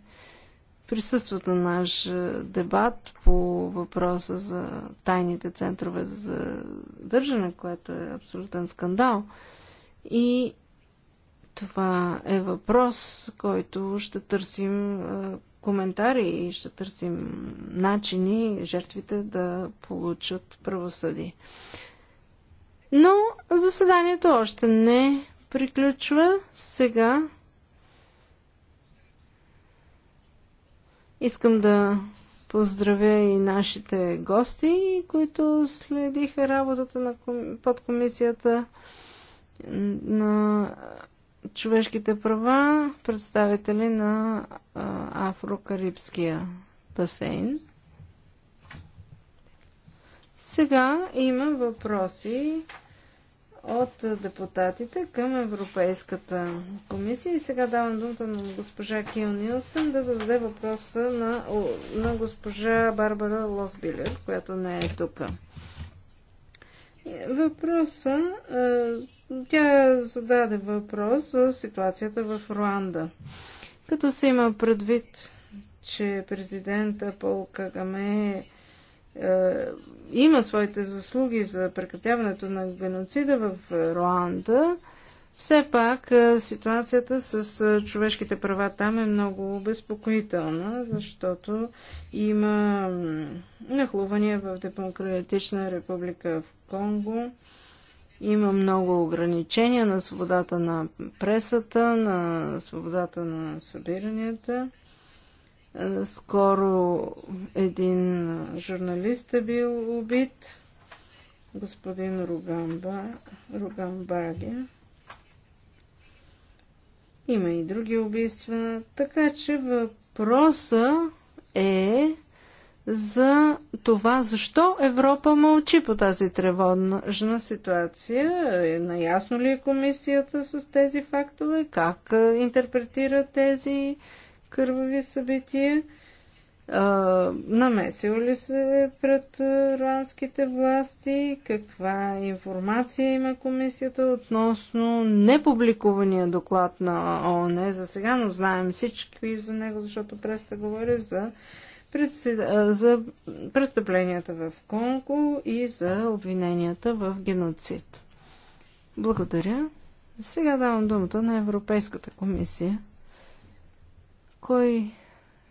присъстват на наш е, дебат по въпроса за тайните центрове за държане, което е абсолютен скандал. И това е въпрос, който ще търсим е, коментари и ще търсим начини жертвите да получат правосъдие. Но заседанието още не приключва. Сега Искам да поздравя и нашите гости, които следиха работата на подкомисията на човешките права, представители на Афрокарибския басейн. Сега има въпроси от депутатите към Европейската комисия. И сега давам думата на госпожа Кил Нилсън да зададе въпроса на, на госпожа Барбара Лосбилер, която не е тук. Въпроса, е, тя зададе въпрос за ситуацията в Руанда. Като се има предвид, че президента Пол Кагаме е е, има своите заслуги за прекратяването на геноцида в Руанда, все пак е, ситуацията с е, човешките права там е много обезпокоителна, защото има нахлувания в Демократична република в Конго. Има много ограничения на свободата на пресата, на свободата на събиранията. Скоро един журналист е бил убит, господин Ругамба, Ругамбаги. Има и други убийства, така че въпроса е за това, защо Европа мълчи по тази тревожна ситуация. Е, наясно ли е комисията с тези фактове? Как е, интерпретира тези кървави събития. А, намесил ли се пред руанските власти? Каква информация има комисията относно непубликувания доклад на ООН за сега, но знаем всички за него, защото преста говори за, за престъпленията в Конго и за обвиненията в геноцид. Благодаря. Сега давам думата на Европейската комисия. Кой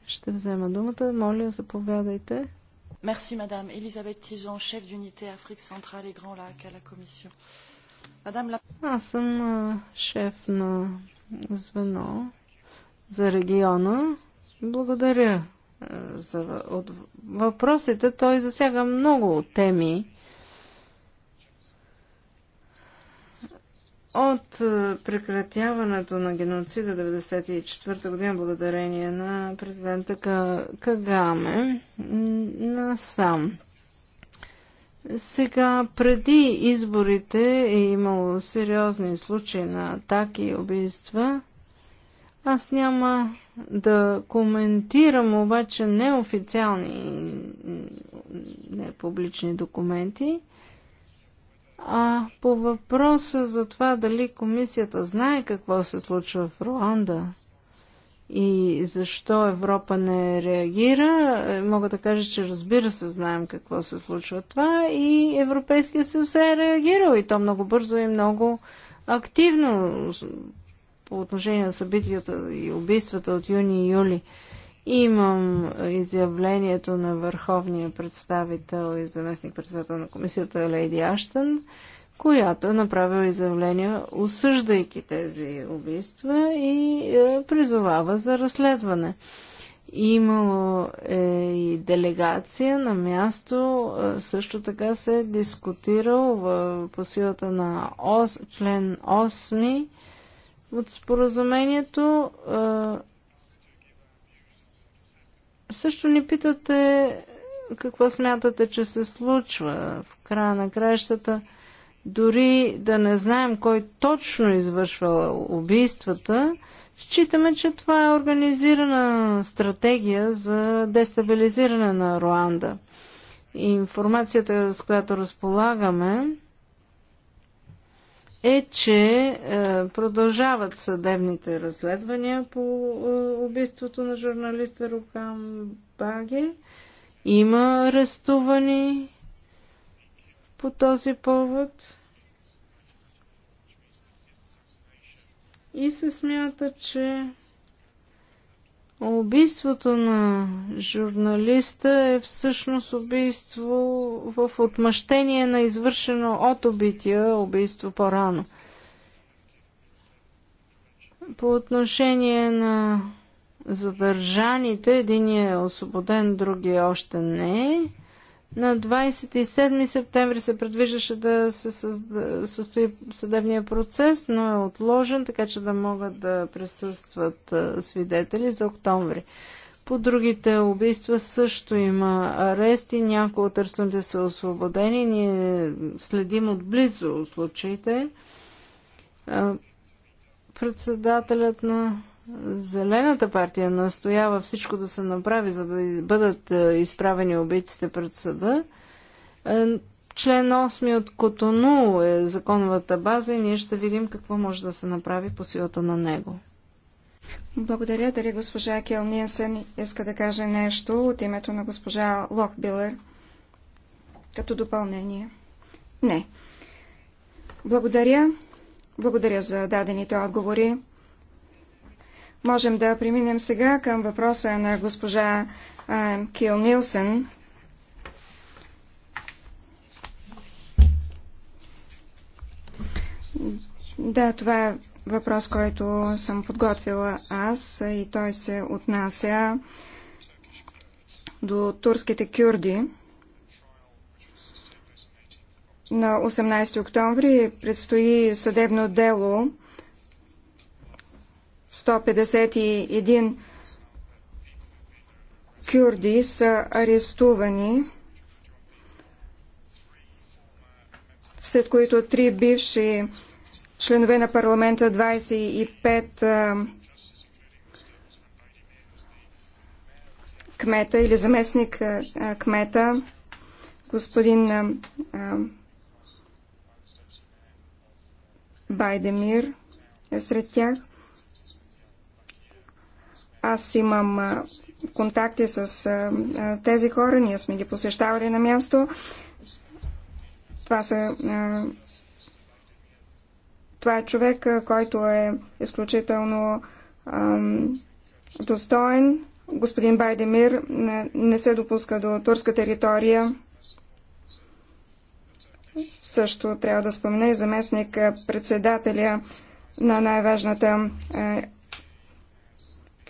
ще взема думата? Моля, заповядайте. Merci, madame. Elisabeth Тизон, шеф d'unité Африка Централ и Гран Лак à la Комисия. Madame Аз съм а, шеф на звено за региона. Благодаря а, за от въпросите. Той засяга много теми От е, прекратяването на геноцида 1994 година, благодарение на президента Кагаме, насам. Сега, преди изборите е имало сериозни случаи на атаки и убийства. Аз няма да коментирам обаче неофициални, непублични документи. А по въпроса за това дали комисията знае какво се случва в Руанда и защо Европа не реагира, е, мога да кажа, че разбира се знаем какво се случва това и Европейския съюз е реагирал и то много бързо и много активно по отношение на събитията и убийствата от юни и юли. Имам изявлението на върховния представител и заместник председател на комисията Лейди Аштън, която е направила изявление, осъждайки тези убийства и е, призовава за разследване. Имало е и делегация на място, е, също така се е дискутирал в, по силата на ос, член 8 от споразумението е, също ни питате какво смятате, че се случва в края на краищата. Дори да не знаем кой точно извършва убийствата, считаме, че това е организирана стратегия за дестабилизиране на Руанда. И информацията, с която разполагаме, е, че е, продължават съдебните разследвания по е, убийството на журналиста Рукам Баге. Има арестувани по този повод. И се смята, че Убийството на журналиста е всъщност убийство в отмъщение на извършено от убития убийство по-рано. По отношение на задържаните, един е освободен, другия още не е. На 27 септември се предвиждаше да се състои съдебния процес, но е отложен, така че да могат да присъстват свидетели за октомври. По другите убийства също има арести, някои от търсените са освободени. Ние следим отблизо случаите. Председателят на Зелената партия настоява всичко да се направи, за да бъдат е, изправени убийците пред съда. Е, член 8 от Котону е законовата база и ние ще видим какво може да се направи по силата на него. Благодаря. Дали госпожа Кел Нинсен иска да каже нещо от името на госпожа Лохбилер като допълнение? Не. Благодаря. Благодаря за дадените отговори. Можем да преминем сега към въпроса на госпожа а, Кил Нилсън. Да, това е въпрос, който съм подготвила аз и той се отнася до турските кюрди. На 18 октомври предстои съдебно дело 151 кюрди са арестувани, след които три бивши членове на парламента, 25 кмета или заместник кмета, господин Байдемир е сред тях. Аз имам контакти с тези хора, ние сме ги посещавали на място. Това са това е човек, който е изключително достоен. Господин Байдемир не, не се допуска до турска територия. Също трябва да спомена и заместник председателя на най-важната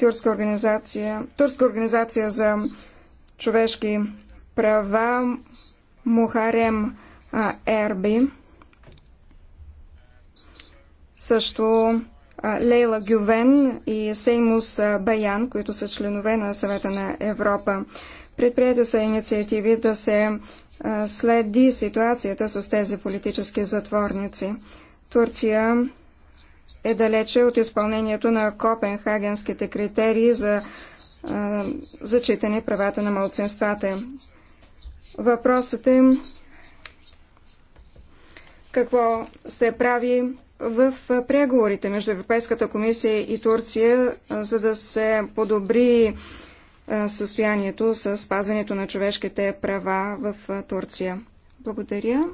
Кюрска организация, Турска организация за човешки права Мухарем Ерби, също Лейла Гювен и Сеймус Баян, които са членове на съвета на Европа. Предприяти са инициативи да се следи ситуацията с тези политически затворници. Турция е далече от изпълнението на копенхагенските критерии за зачитане правата на малцинствата. Въпросът е какво се прави в преговорите между Европейската комисия и Турция, за да се подобри състоянието с спазването на човешките права в Турция. Благодаря.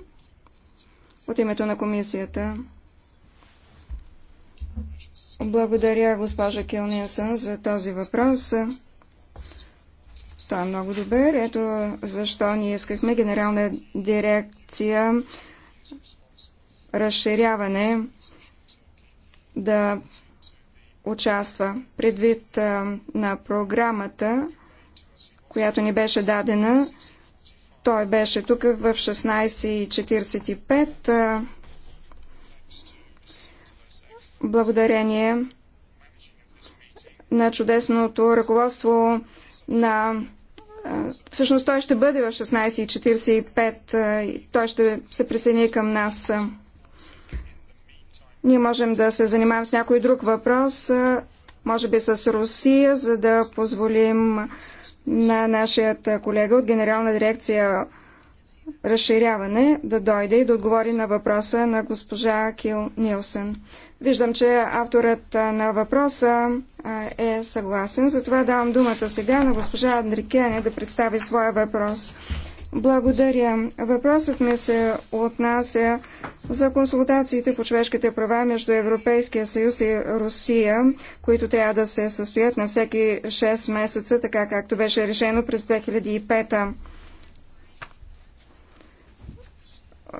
От името на комисията благодаря, госпожа Килнинсън, за този въпрос. Това е много добър. Ето защо ние искахме генерална дирекция разширяване да участва предвид на програмата, която ни беше дадена. Той беше тук в 16.45 благодарение на чудесното ръководство на... Всъщност той ще бъде в 16.45. Той ще се присъедини към нас. Ние можем да се занимаваме с някой друг въпрос, може би с Русия, за да позволим на нашия колега от Генерална дирекция разширяване да дойде и да отговори на въпроса на госпожа Кил Нилсън. Виждам, че авторът на въпроса е съгласен, затова давам думата сега на госпожа Андрикене да представи своя въпрос. Благодаря. Въпросът ми се отнася за консултациите по човешките права между Европейския съюз и Русия, които трябва да се състоят на всеки 6 месеца, така както беше решено през 2005 -та.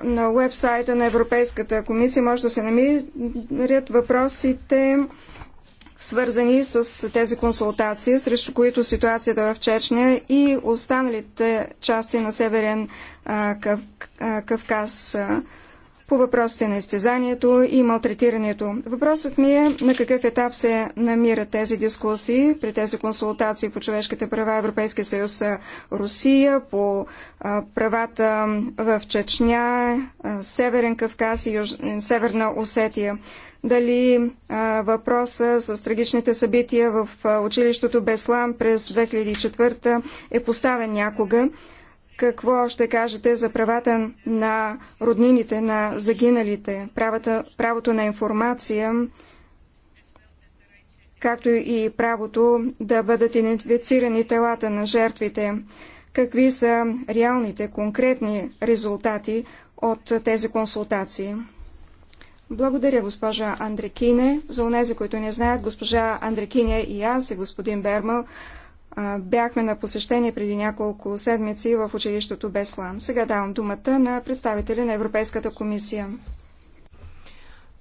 на уебсайта на Европейската комисия може да се намерят въпросите, свързани с тези консултации, срещу които ситуацията в Чечня и останалите части на Северен Кавказ по въпросите на изтезанието и малтретирането. Въпросът ми е на какъв етап се намират тези дискусии при тези консултации по човешките права Европейския съюз Русия, по правата в Чечня, Северен Кавказ и Юж... Северна Осетия. Дали въпроса с трагичните събития в училището Беслан през 2004 е поставен някога? Какво ще кажете за правата на роднините, на загиналите, правата, правото на информация, както и правото да бъдат идентифицирани телата на жертвите? Какви са реалните, конкретни резултати от тези консултации? Благодаря, госпожа Андрекине. За онези, които не знаят, госпожа Андрекине и аз и господин Бермал Бяхме на посещение преди няколко седмици в училището Беслан. Сега давам думата на представители на Европейската комисия.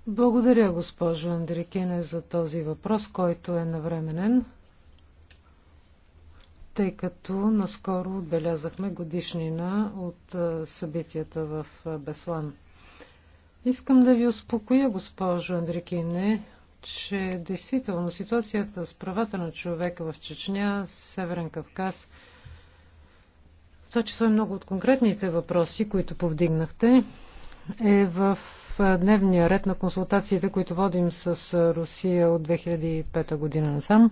Благодаря, госпожо Андрекене, за този въпрос, който е навременен, тъй като наскоро отбелязахме годишнина от събитията в Беслан. Искам да ви успокоя, госпожо Андрекине че действително ситуацията с правата на човека в Чечня, Северен Кавказ, това че са много от конкретните въпроси, които повдигнахте, е в дневния ред на консултациите, които водим с Русия от 2005 година насам.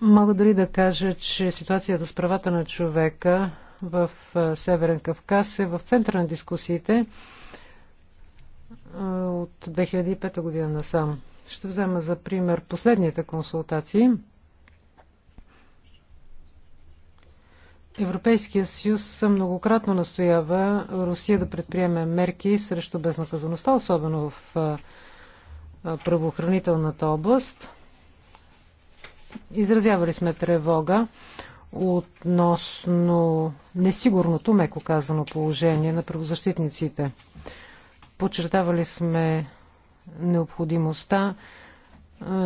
Мога дори да кажа, че ситуацията с правата на човека в Северен Кавказ е в центъра на дискусиите от 2005 година насам. Ще взема за пример последните консултации. Европейския съюз многократно настоява Русия да предприеме мерки срещу безнаказаността, особено в правоохранителната област. Изразявали сме тревога относно несигурното, меко казано, положение на правозащитниците. Подчертавали сме необходимостта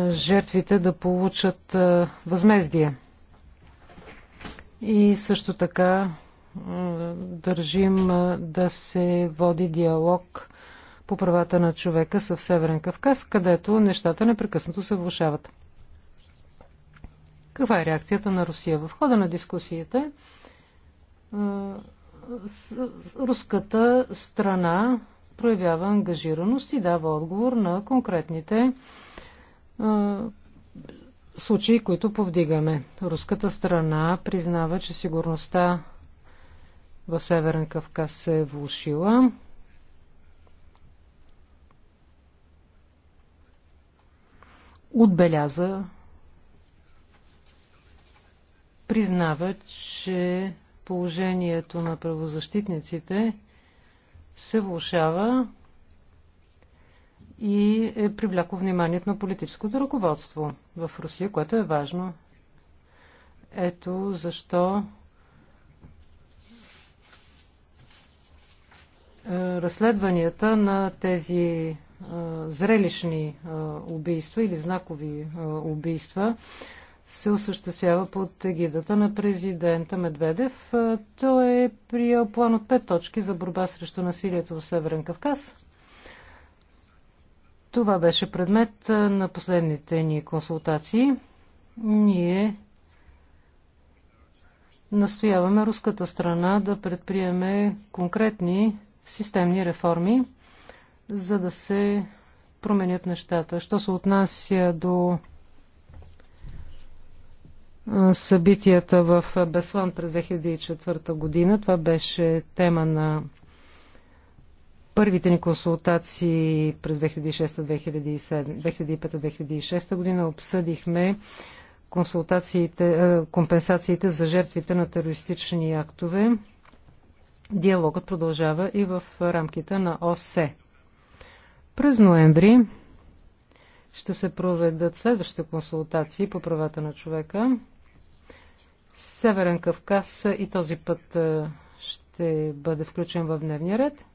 жертвите да получат възмездие. И също така държим да се води диалог по правата на човека в Северен Кавказ, където нещата непрекъснато се влушават. Каква е реакцията на Русия? В хода на дискусията, руската страна проявява ангажираност и дава отговор на конкретните а, е, случаи, които повдигаме. Руската страна признава, че сигурността в Северен Кавказ се е влушила. Отбеляза, признава, че положението на правозащитниците се влушава и е привляко вниманието на политическото ръководство в Русия, което е важно. Ето защо е, разследванията на тези е, зрелищни е, убийства или знакови убийства се осъществява под егидата на президента Медведев. Той е приел план от пет точки за борба срещу насилието в Северен Кавказ. Това беше предмет на последните ни консултации. Ние настояваме руската страна да предприеме конкретни системни реформи, за да се променят нещата. Що се отнася до събитията в Беслан през 2004 година. Това беше тема на първите ни консултации през 2005-2006 година. Обсъдихме консултациите, компенсациите за жертвите на терористични актове. Диалогът продължава и в рамките на ОСЕ. През ноември ще се проведат следващите консултации по правата на човека. Северен Кавказ и този път ще бъде включен в дневния ред.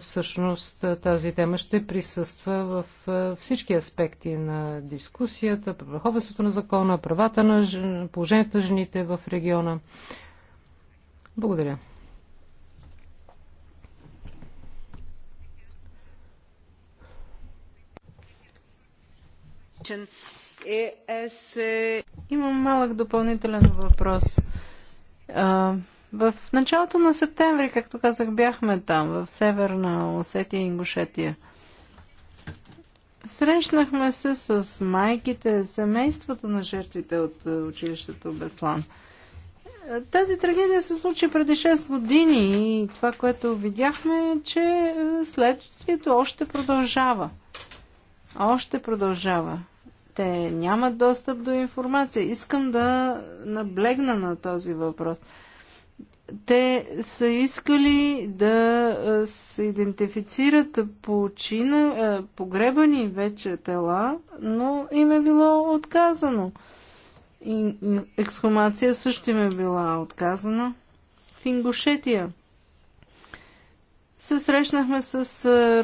Всъщност тази тема ще присъства в всички аспекти на дискусията, върховенството на закона, правата на жен... положението на жените в региона. Благодаря. Е, е, Имам малък допълнителен въпрос. в началото на септември, както казах, бяхме там, в северна Осетия и Ингушетия. Срещнахме се с майките, семействата на жертвите от е, училището Беслан. Тази трагедия се случи преди 6 години и това, което видяхме е, че следствието още продължава. Още продължава те нямат достъп до информация. Искам да наблегна на този въпрос. Те са искали да се идентифицират почина, погребани вече тела, но им е било отказано. И ексхумация също им е била отказана. В Ингушетия се срещнахме с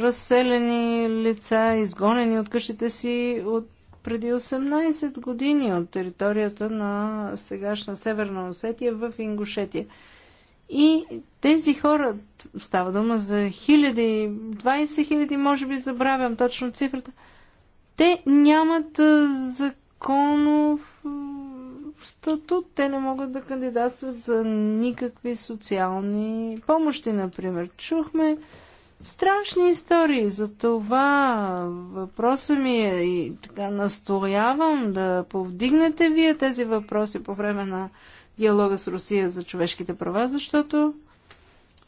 разселени лица, изгонени от къщите си от преди 18 години от територията на сегашна Северна Осетия в Ингушетия. И тези хора, става дума за хиляди, 20 хиляди, може би забравям точно цифрата, те нямат законов статут. Те не могат да кандидатстват за никакви социални помощи, например. Чухме страшни истории. За това въпроса ми е и така настоявам да повдигнете вие тези въпроси по време на диалога с Русия за човешките права, защото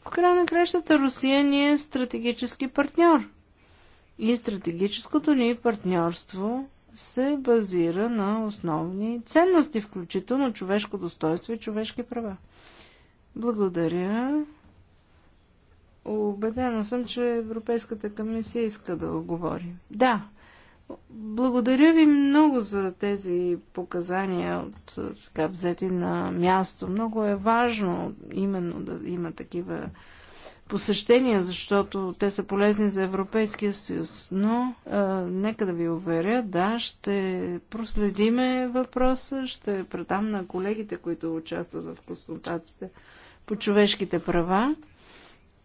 в края на кращата Русия ни е стратегически партньор. И стратегическото ни партньорство се базира на основни ценности, включително човешко достоинство и човешки права. Благодаря. Обедена съм, че Европейската комисия иска да говори. Да, благодаря ви много за тези показания от така взети на място. Много е важно именно да има такива посещения, защото те са полезни за Европейския съюз. Но а, нека да ви уверя, да, ще проследиме въпроса, ще предам на колегите, които участват в консултациите по човешките права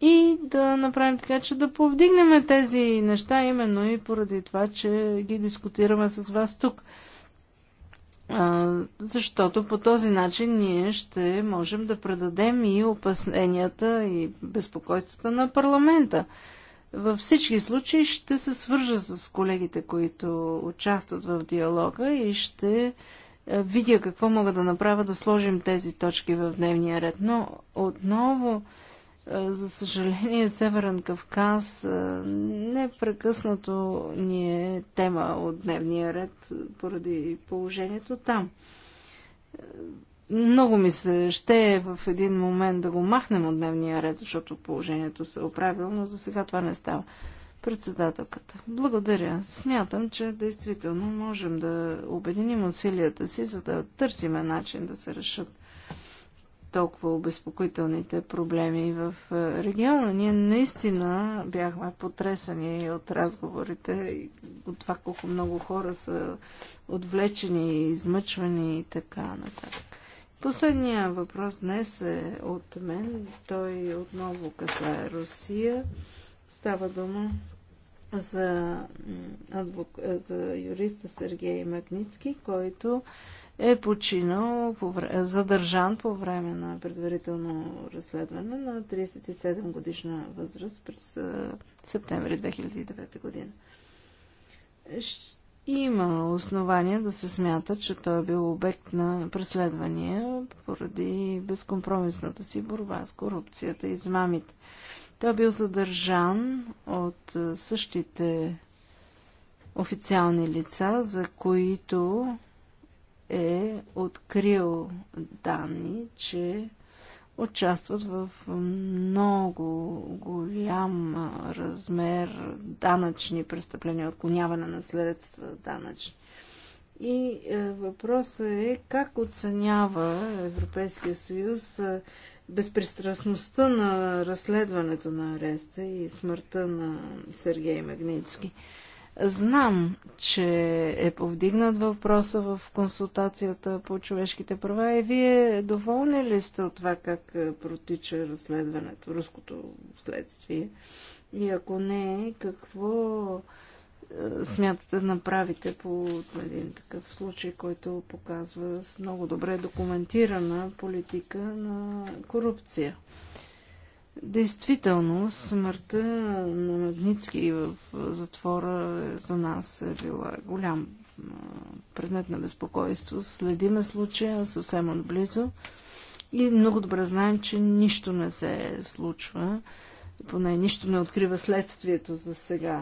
и да направим така, че да повдигнем тези неща, именно и поради това, че ги дискутираме с вас тук. А, защото по този начин ние ще можем да предадем и опасненията и безпокойствата на парламента. Във всички случаи ще се свържа с колегите, които участват в диалога и ще видя какво мога да направя да сложим тези точки в дневния ред. Но отново за съжаление, Северен Кавказ непрекъснато ни е тема от дневния ред поради положението там. Много ми се ще е в един момент да го махнем от дневния ред, защото положението се е оправило, но за сега това не става. Председателката. Благодаря. Смятам, че действително можем да обединим усилията си, за да търсиме начин да се решат толкова обезпокоителните проблеми в е, региона. Ние наистина бяхме потресани от разговорите и от това колко много хора са отвлечени, измъчвани и така нататък. Последния въпрос днес е от мен. Той отново касае Русия. Става дума за, адвок... за юриста Сергей Магницки, който е починал, задържан по време на предварително разследване на 37 годишна възраст през септември 2009 година. Има основания да се смята, че той е бил обект на преследвания поради безкомпромисната си борба с корупцията и измамите. Той е бил задържан от същите официални лица, за които е открил данни, че участват в много голям размер данъчни престъпления, отклоняване на средства данъчни. И е, въпросът е как оценява Европейския съюз е, безпристрастността на разследването на ареста и смъртта на Сергей Магницки. Знам, че е повдигнат въпроса в консултацията по човешките права и вие доволни ли сте от това как е, протича разследването, руското следствие? И ако не, какво е, смятате да направите по един такъв случай, който показва с много добре документирана политика на корупция? Действително, смъртта на Магницки в затвора за нас е била голям предмет на безпокойство. Следиме случая съвсем отблизо и много добре знаем, че нищо не се случва, поне нищо не открива следствието за сега.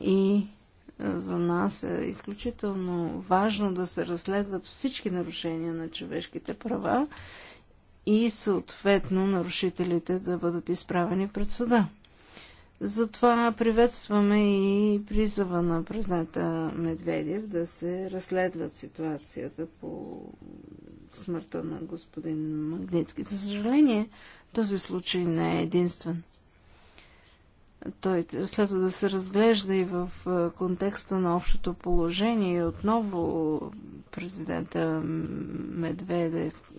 И за нас е изключително важно да се разследват всички нарушения на човешките права и съответно нарушителите да бъдат изправени пред съда. Затова приветстваме и призъва на президента Медведев да се разследват ситуацията по смъртта на господин Магницки. За съжаление, този случай не е единствен. Той следва да се разглежда и в контекста на общото положение. И отново президента Медведев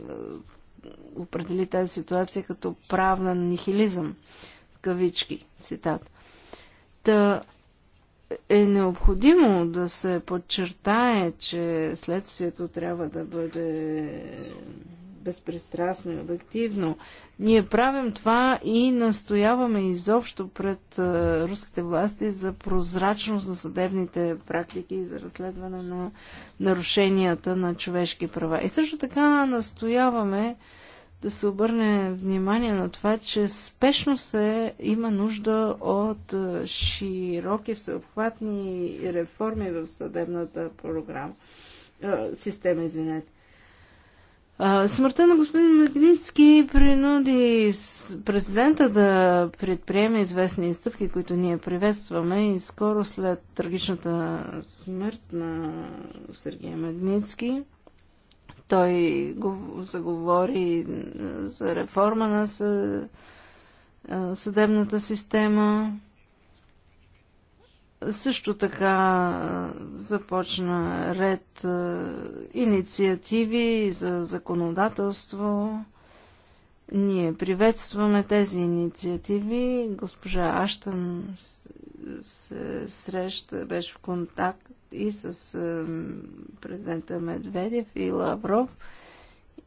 определи тази ситуация като правна нихилизъм, в кавички, цитат. Та е необходимо да се подчертае, че следствието трябва да бъде безпристрастно и обективно. Ние правим това и настояваме изобщо пред е, руските власти за прозрачност на съдебните практики и за разследване на нарушенията на човешки права. И също така настояваме да се обърне внимание на това, че спешно се има нужда от е, широки всеобхватни реформи в съдебната програма, е, система, извинете. Смъртта на господин Магницки принуди президента да предприеме известни стъпки, които ние приветстваме и скоро след трагичната смърт на Сергия Магницки той го заговори за реформа на съдебната система, също така започна ред инициативи за законодателство. Ние приветстваме тези инициативи. Госпожа Аштан се среща, беше в контакт и с президента Медведев и Лавров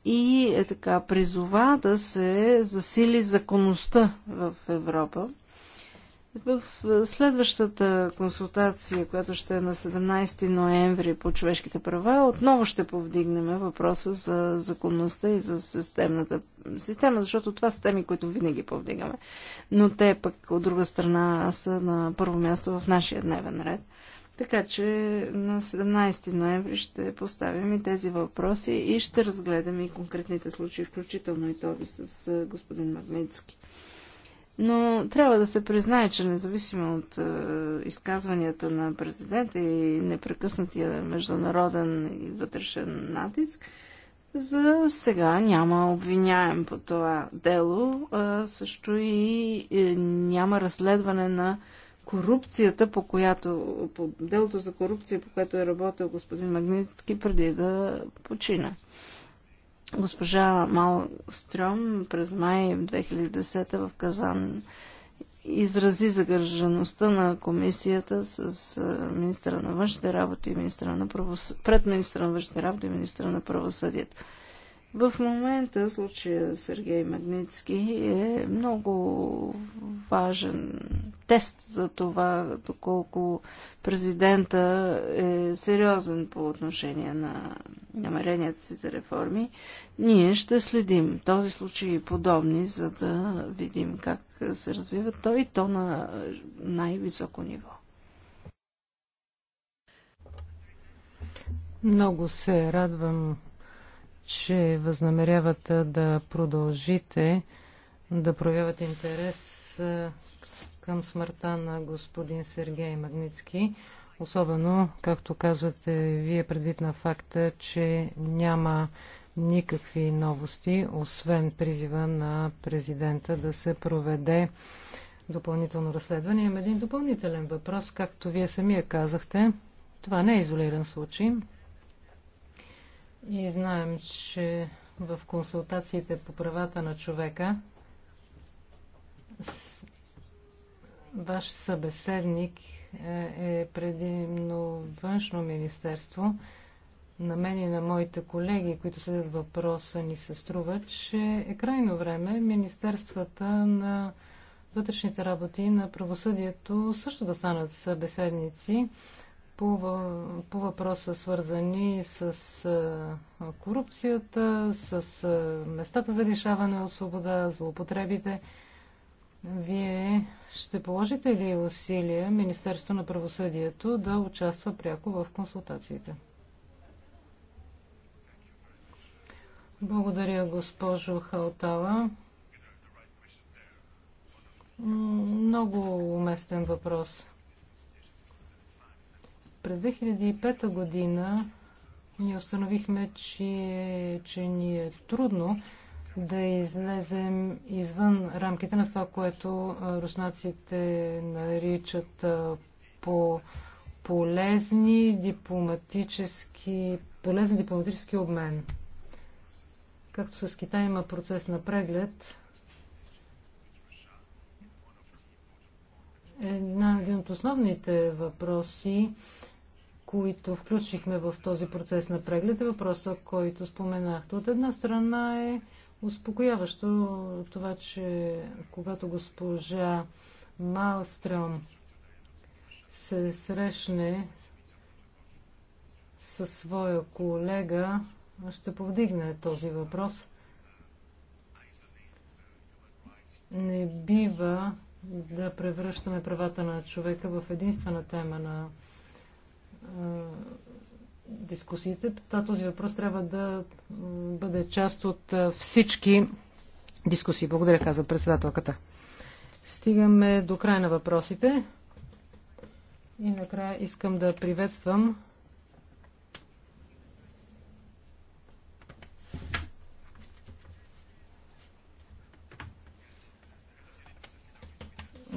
и е така призова да се засили законността в Европа. В следващата консултация, която ще е на 17 ноември по човешките права, отново ще повдигнем въпроса за законността и за системната система, защото това са теми, които винаги повдигаме. Но те пък от друга страна са на първо място в нашия дневен ред. Така че на 17 ноември ще поставим и тези въпроси и ще разгледаме и конкретните случаи, включително и този с господин Магницки. Но трябва да се признае, че независимо от е, изказванията на президента и непрекъснатия международен и вътрешен натиск, за сега няма обвиняем по това дело, а също и е, няма разследване на корупцията, по която, по делото за корупция, по което е работил господин Магнитски преди да почина. Госпожа Малстром през май 2010 в Казан изрази загрежеността на комисията с министра на външните работи и министра на правосъ... пред министра на външните работи и министра на правосъдието. В момента случая Сергей Магницки е много важен тест за това, доколко президента е сериозен по отношение на намеренията си за реформи. Ние ще следим този случай и подобни, за да видим как се развива той и то на най-високо ниво. Много се радвам че възнамерявате да продължите да проявявате интерес към смъртта на господин Сергей Магницки. Особено, както казвате вие, предвид на факта, че няма никакви новости, освен призива на президента да се проведе допълнително разследване. Има един допълнителен въпрос, както вие самия казахте. Това не е изолиран случай. И знаем, че в консултациите по правата на човека ваш събеседник е, е предимно външно министерство. На мен и на моите колеги, които следят въпроса, ни се струва, че е крайно време Министерствата на вътрешните работи на правосъдието също да станат събеседници по, по въпроса свързани с корупцията, с местата за лишаване от свобода, злоупотребите. Вие ще положите ли усилия Министерство на правосъдието да участва пряко в консултациите? Благодаря, госпожо Халтава. Много уместен въпрос. През 2005 година ние установихме, че, че ни е трудно да излезем извън рамките на това, което руснаците наричат по полезни дипломатически, полезен дипломатически обмен. Както с Китай има процес на преглед, една, един от основните въпроси които включихме в този процес на преглед, е въпроса, който споменахте. От една страна е успокояващо това, че когато госпожа Малстрем се срещне със своя колега, ще повдигне този въпрос. Не бива да превръщаме правата на човека в единствена тема на дискусиите. Този въпрос трябва да бъде част от всички дискусии. Благодаря, каза председателката. Стигаме до края на въпросите. И накрая искам да приветствам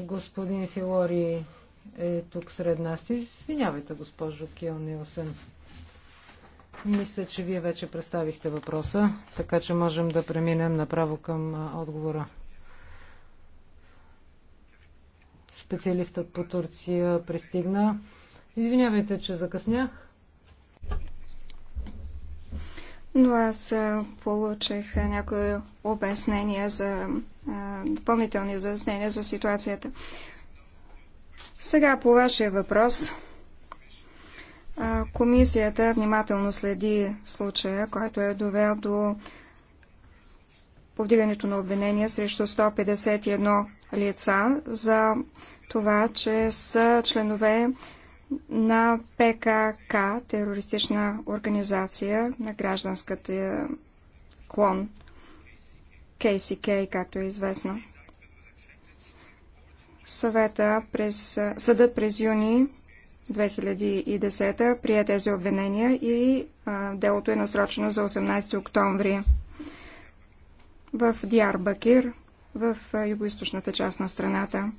господин Филори е тук сред нас. Извинявайте, госпожо Кил Нилсен. Мисля, че вие вече представихте въпроса, така че можем да преминем направо към отговора. Специалистът по Турция пристигна. Извинявайте, че закъснях. Но аз получих някои обяснения за допълнителни заяснения за ситуацията. Сега по вашия въпрос. Комисията внимателно следи случая, който е довел до повдигането на обвинения срещу 151 лица за това, че са членове на ПКК, терористична организация на гражданската клон, КСК, както е известно. Съвета през, съдът през юни 2010 прие тези обвинения и а, делото е насрочено за 18 октомври в Бакир в югоизточната част на страната.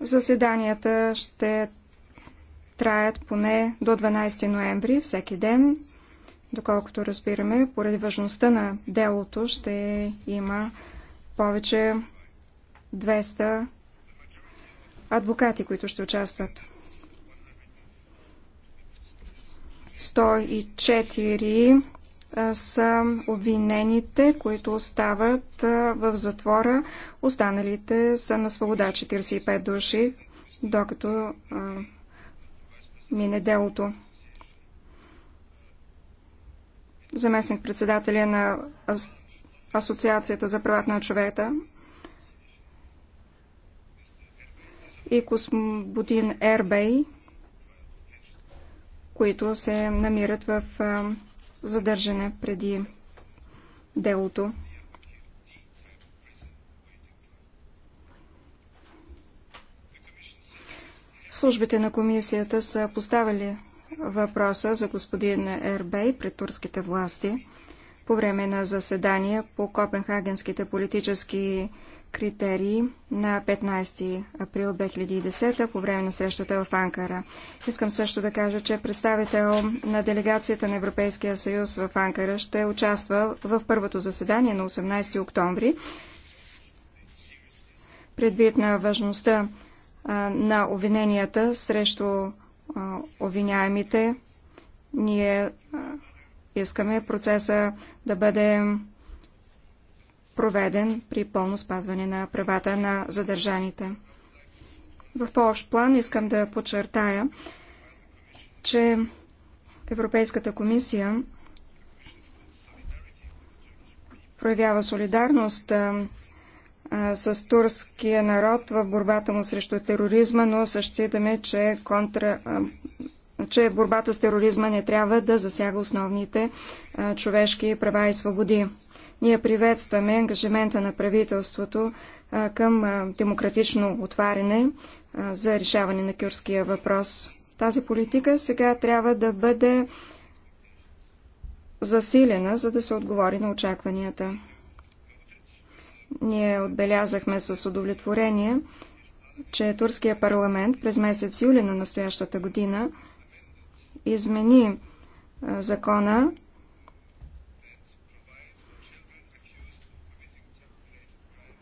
Заседанията ще траят поне до 12 ноември всеки ден. Доколкото разбираме, поради важността на делото ще има повече 200 адвокати, които ще участват. 104 са обвинените, които остават в затвора. Останалите са на свобода 45 души, докато а, мине делото. Заместник председателя на Асоциацията за правата на човека и Космодин Ербей, които се намират в задържане преди делото. Службите на комисията са поставили въпроса за господин Ербей пред турските власти по време на заседания по копенхагенските политически критерии на 15 април 2010 по време на срещата в Анкара. Искам също да кажа, че представител на делегацията на Европейския съюз в Анкара ще участва в първото заседание на 18 октомври. Предвид на важността на обвиненията срещу обвиняемите, ние искаме процеса да бъде проведен при пълно спазване на правата на задържаните. В по-общ план искам да подчертая, че Европейската комисия проявява солидарност с турския народ в борбата му срещу тероризма, но същитаме, че, контра, че борбата с тероризма не трябва да засяга основните човешки права и свободи. Ние приветстваме ангажимента на правителството към демократично отваряне за решаване на кюрския въпрос. Тази политика сега трябва да бъде засилена, за да се отговори на очакванията. Ние отбелязахме с удовлетворение, че Турския парламент през месец юли на настоящата година измени закона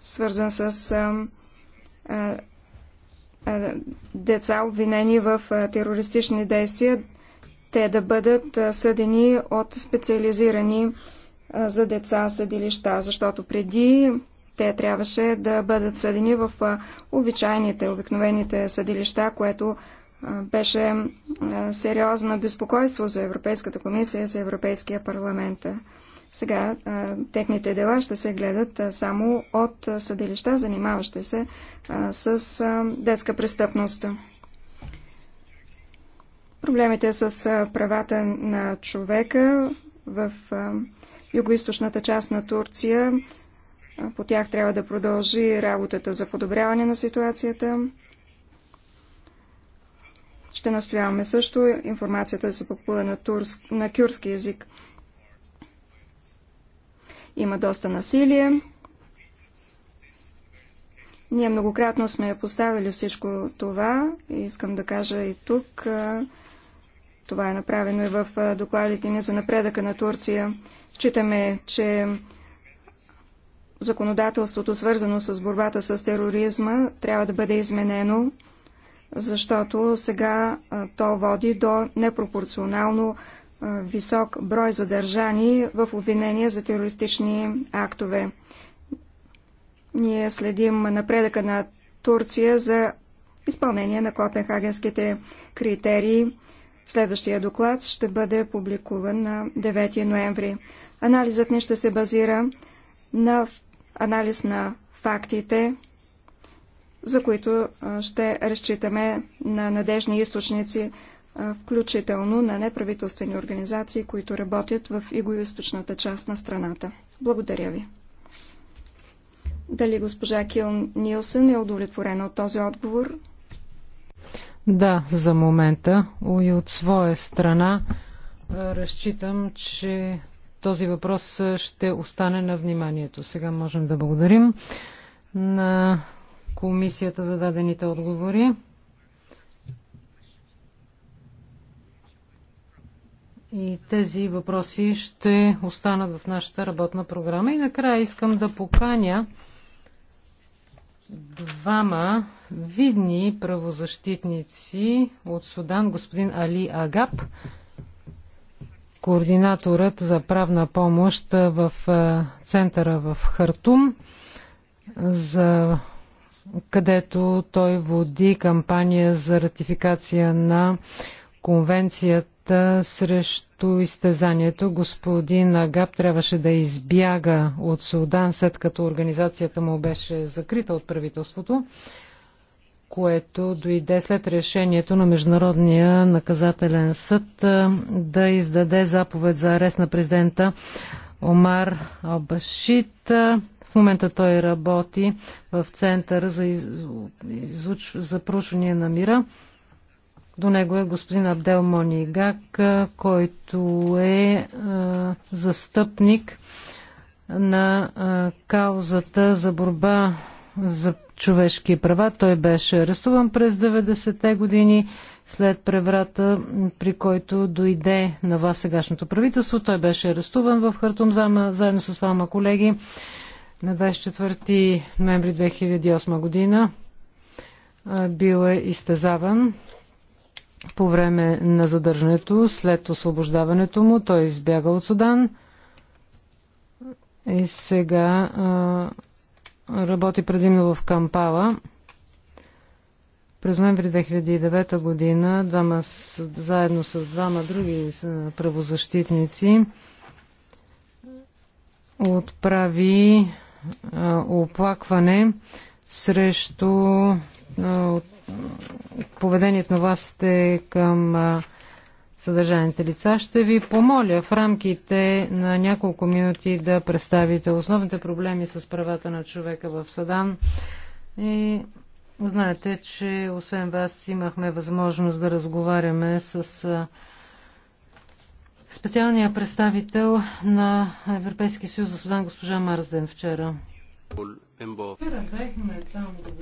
свързан с деца, обвинени в терористични действия, те да бъдат съдени от специализирани за деца съдилища, защото преди те трябваше да бъдат съдени в обичайните, обикновените съдилища, което беше сериозно безпокойство за Европейската комисия и за Европейския парламент. Сега а, техните дела ще се гледат а, само от а, съдилища, занимаващи се а, с а, детска престъпност. Проблемите с а, правата на човека в а, югоисточната част на Турция, а, по тях трябва да продължи работата за подобряване на ситуацията. Ще настояваме също информацията да се попълва на, турск, на кюрски язик. Има доста насилие. Ние многократно сме поставили всичко това. и Искам да кажа и тук. Това е направено и в докладите ни за напредъка на Турция. Считаме, че законодателството, свързано с борбата с тероризма, трябва да бъде изменено, защото сега то води до непропорционално висок брой задържани в обвинения за терористични актове. Ние следим напредъка на Турция за изпълнение на копенхагенските критерии. Следващия доклад ще бъде публикуван на 9 ноември. Анализът ни ще се базира на анализ на фактите, за които ще разчитаме на надежни източници включително на неправителствени организации, които работят в иго источната част на страната. Благодаря ви. Дали госпожа Кил Нилсън е удовлетворена от този отговор? Да, за момента. И от своя страна разчитам, че този въпрос ще остане на вниманието. Сега можем да благодарим на комисията за дадените отговори. И тези въпроси ще останат в нашата работна програма. И накрая искам да поканя двама видни правозащитници от Судан, господин Али Агап, координаторът за правна помощ в е, центъра в Хартум, за където той води кампания за ратификация на конвенцията срещу изтезанието. Господин Агап трябваше да избяга от Судан, след като организацията му беше закрита от правителството, което дойде след решението на Международния наказателен съд да издаде заповед за арест на президента Омар Абашит. В момента той работи в Центъра за, из... за проучване на мира. До него е господин Абдел Монигак, който е застъпник на каузата за борба за човешки права. Той беше арестуван през 90-те години след преврата, при който дойде на вас сегашното правителство. Той беше арестуван в Хартум заедно с вама колеги на 24 ноември 2008 година. Бил е изтезаван по време на задържането, след освобождаването му. Той избяга от Судан и сега а, работи предимно в Кампала. През ноември 2009 година двама, заедно с двама други правозащитници отправи а, оплакване срещу поведението на властите към съдържаните лица. Ще ви помоля в рамките на няколко минути да представите основните проблеми с правата на човека в Садан. И знаете, че освен вас имахме възможност да разговаряме с специалния представител на Европейския съюз за Судан, госпожа Марсден, вчера.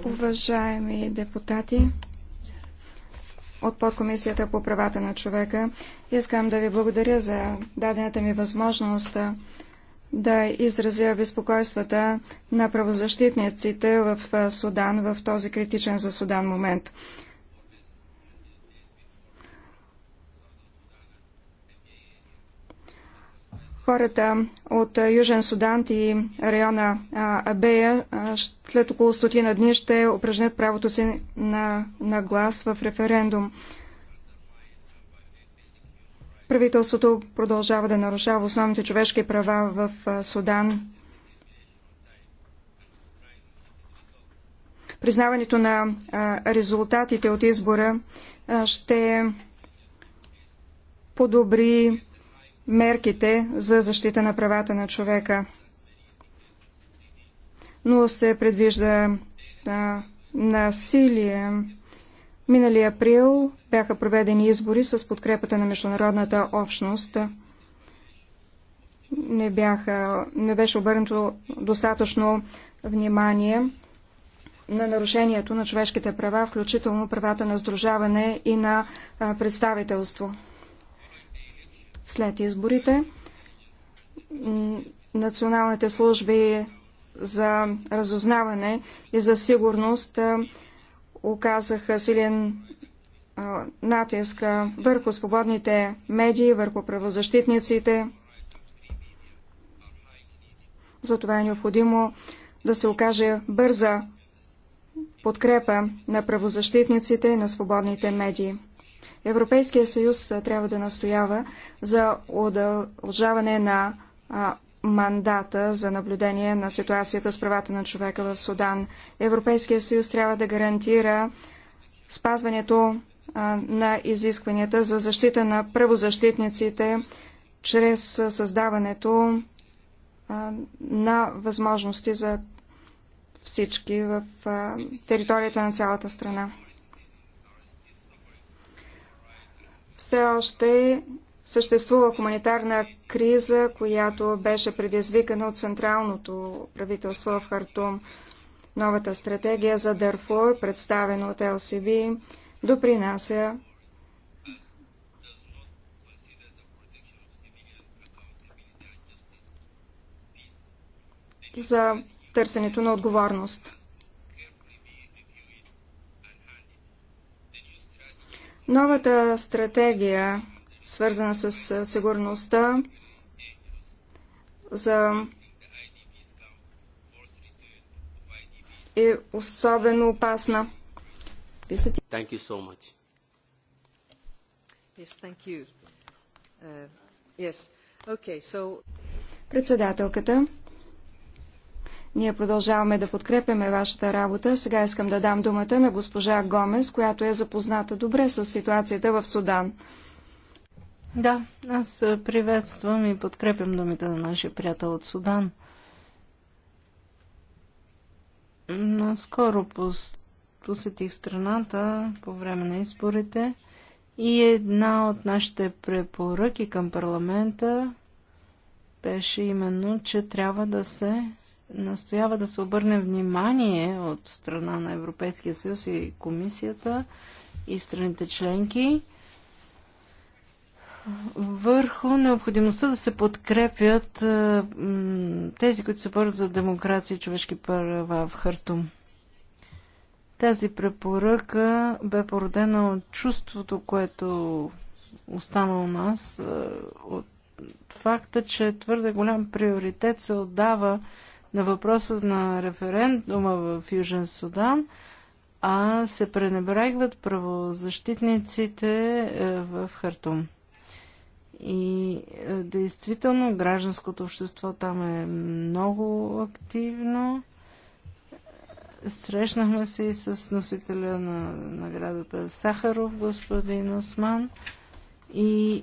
Уважаеми депутати от подкомисията по правата на човека, искам да ви благодаря за дадената ми възможност да изразя безпокойствата на правозащитниците в Судан в този критичен за Судан момент. Хората от Южен Судан и района Абея след около стотина дни ще упражнят правото си на, на глас в референдум. Правителството продължава да нарушава основните човешки права в Судан. Признаването на резултатите от избора ще подобри мерките за защита на правата на човека. Но се предвижда а, насилие. Минали април бяха проведени избори с подкрепата на международната общност. Не, бяха, не беше обърнато достатъчно внимание на нарушението на човешките права, включително правата на сдружаване и на представителство след изборите. Националните служби за разузнаване и за сигурност оказаха силен натиск върху свободните медии, върху правозащитниците. Затова е необходимо да се окаже бърза подкрепа на правозащитниците и на свободните медии. Европейския съюз трябва да настоява за удължаване на мандата за наблюдение на ситуацията с правата на човека в Судан. Европейския съюз трябва да гарантира спазването на изискванията за защита на правозащитниците чрез създаването на възможности за всички в територията на цялата страна. все още съществува хуманитарна криза, която беше предизвикана от централното правителство в Хартум. Новата стратегия за Дарфур, представена от ЛСБ, допринася за търсенето на отговорност. Новата стратегия, свързана с сигурността за е особено опасна. Thank you so much. Yes, thank you. Uh, yes. Okay, so... Председателката ние продължаваме да подкрепяме вашата работа. Сега искам да дам думата на госпожа Гомес, която е запозната добре с ситуацията в Судан. Да, аз приветствам и подкрепям думите на нашия приятел от Судан. Наскоро посетих страната по време на изборите и една от нашите препоръки към парламента беше именно, че трябва да се настоява да се обърне внимание от страна на Европейския съюз и комисията и страните членки върху необходимостта да се подкрепят тези, които се борят за демокрация и човешки права в Хартум. Тази препоръка бе породена от чувството, което остана у нас, от факта, че твърде голям приоритет се отдава на въпроса на референдума в Южен Судан, а се пренебрегват правозащитниците е, в Хартум. И е, действително гражданското общество там е много активно. Срещнахме се и с носителя на наградата Сахаров, господин Осман. И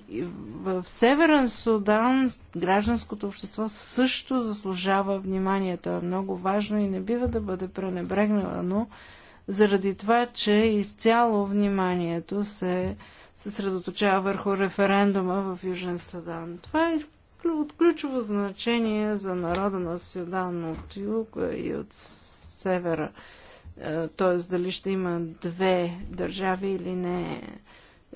в Северен Судан гражданското общество също заслужава внимание. То е много важно и не бива да бъде пренебрегнано, заради това, че изцяло вниманието се съсредоточава върху референдума в Южен Судан. Това е от ключово значение за народа на Судан от юг и от севера. Т.е. дали ще има две държави или не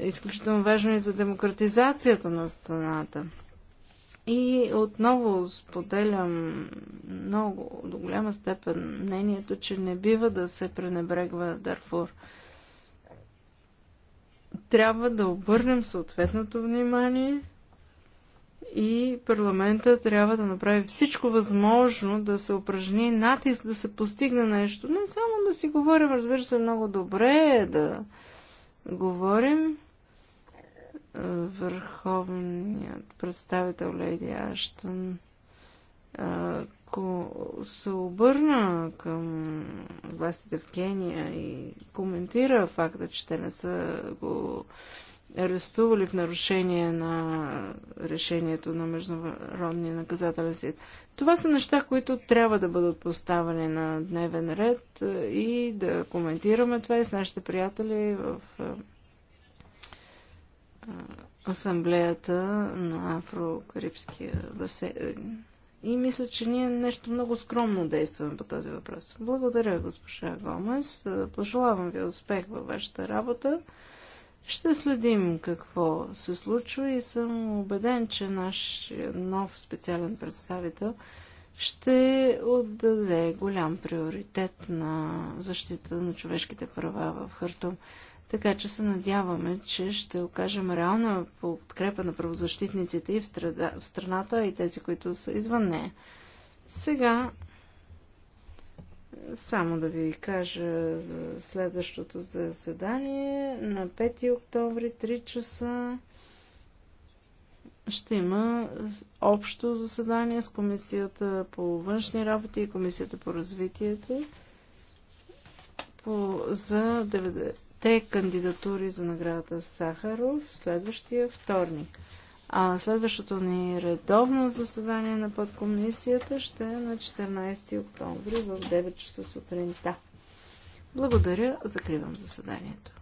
е изключително важно и за демократизацията на страната. И отново споделям много, до голяма степен мнението, че не бива да се пренебрегва Дарфур. Трябва да обърнем съответното внимание и парламента трябва да направи всичко възможно да се упражни натиск, да се постигне нещо. Не само да си говорим, разбира се, много добре е да говорим, е, върховният представител Леди Аштън ако е, се обърна към властите в Кения и коментира факта, че те не са го арестували в нарушение на решението на Международния наказателен съд. Това са неща, които трябва да бъдат поставени на дневен ред е, и да коментираме това и с нашите приятели в асамблеята на Афрокарибския басейн. И мисля, че ние нещо много скромно действаме по този въпрос. Благодаря, госпожа Гомес. Пожелавам ви успех във вашата работа. Ще следим какво се случва и съм убеден, че наш нов специален представител ще отдаде голям приоритет на защита на човешките права в Хартум. Така че се надяваме, че ще окажем реална подкрепа на правозащитниците и в, страда, в страната, и тези, които са извън нея. Сега, само да ви кажа за следващото заседание, на 5 октомври, 3 часа, ще има общо заседание с Комисията по външни работи и Комисията по развитието по, за 90 те кандидатури за наградата Сахаров следващия вторник. А следващото ни редовно заседание на подкомисията ще е на 14 октомври в 9 часа сутринта. Благодаря, закривам заседанието.